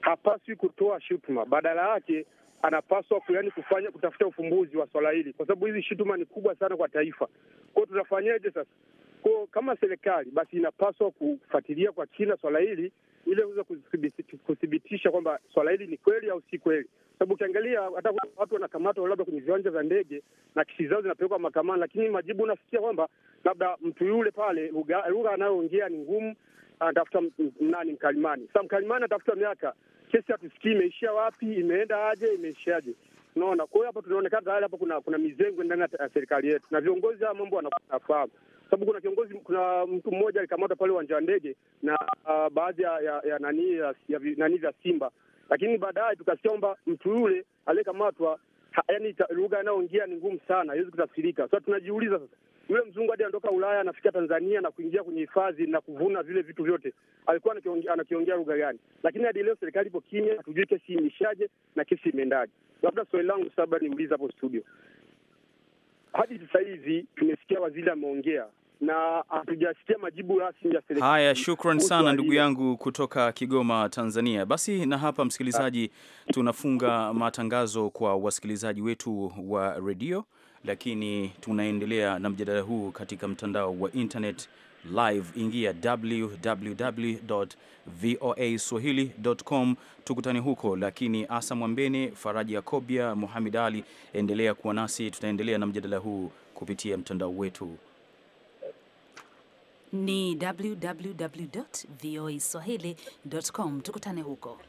[SPEAKER 6] hapaswi kutoa shutuma, badala yake anapaswa yani kufanya kutafuta ufumbuzi wa swala hili, kwa sababu hizi shutuma ni kubwa sana kwa taifa. Kwao tutafanyaje sasa? Kwa kama serikali basi inapaswa kufuatilia kwa kina swala hili ili aweze kuthibitisha kwamba swala hili ni kweli au si kweli, sababu ukiangalia hata watu wanakamatwa labda kwenye viwanja vya ndege na kesi zao zinapelekwa mahakamani, lakini majibu unasikia kwamba labda mtu yule pale, lugha anayoongea ni ngumu, anatafuta nani, mkalimani. Sa mkalimani anatafuta miaka, kesi hatusikii imeishia wapi, imeenda aje, imeishiaje? Unaona, kwa hiyo hapa tunaonekana tayari hapa kuna kuna mizengo ndani ya serikali yetu na viongozi hawa mambo wanafahamu sababu kuna kiongozi, kuna mtu mmoja alikamatwa pale uwanja wa ndege na uh, baadhi ya, ya, ya nani ya, ya nani vya Simba, lakini baadaye tukasikia kwamba mtu yule aliyekamatwa, yaani lugha anayoongea ni ngumu sana, haiwezi kutafsirika. Sasa so, tunajiuliza sasa yule mzungu hadi anatoka Ulaya anafikia Tanzania na kuingia kwenye hifadhi na kuvuna vile vitu vyote, alikuwa anakiongea lugha gani? Lakini hadi leo serikali ipo kimya, hatujui kesi imeishaje na kesi imeendaje. Labda swali langu saba niuliza hapo studio, hadi sasa hivi tumesikia waziri ameongea na hatujasikia majibu rasmi ya serikali. Haya, shukran sana ndugu
[SPEAKER 1] yangu kutoka Kigoma, Tanzania. Basi na hapa, msikilizaji, tunafunga matangazo kwa wasikilizaji wetu wa redio, lakini tunaendelea na mjadala huu katika mtandao wa internet live, ingia www.voaswahili.com, tukutane huko. Lakini Asa Mwambene, Faraji Yakobia, Muhamed Ali, endelea kuwa nasi, tutaendelea na mjadala huu kupitia mtandao wetu
[SPEAKER 2] ni www.voaswahili.com. Tukutane huko.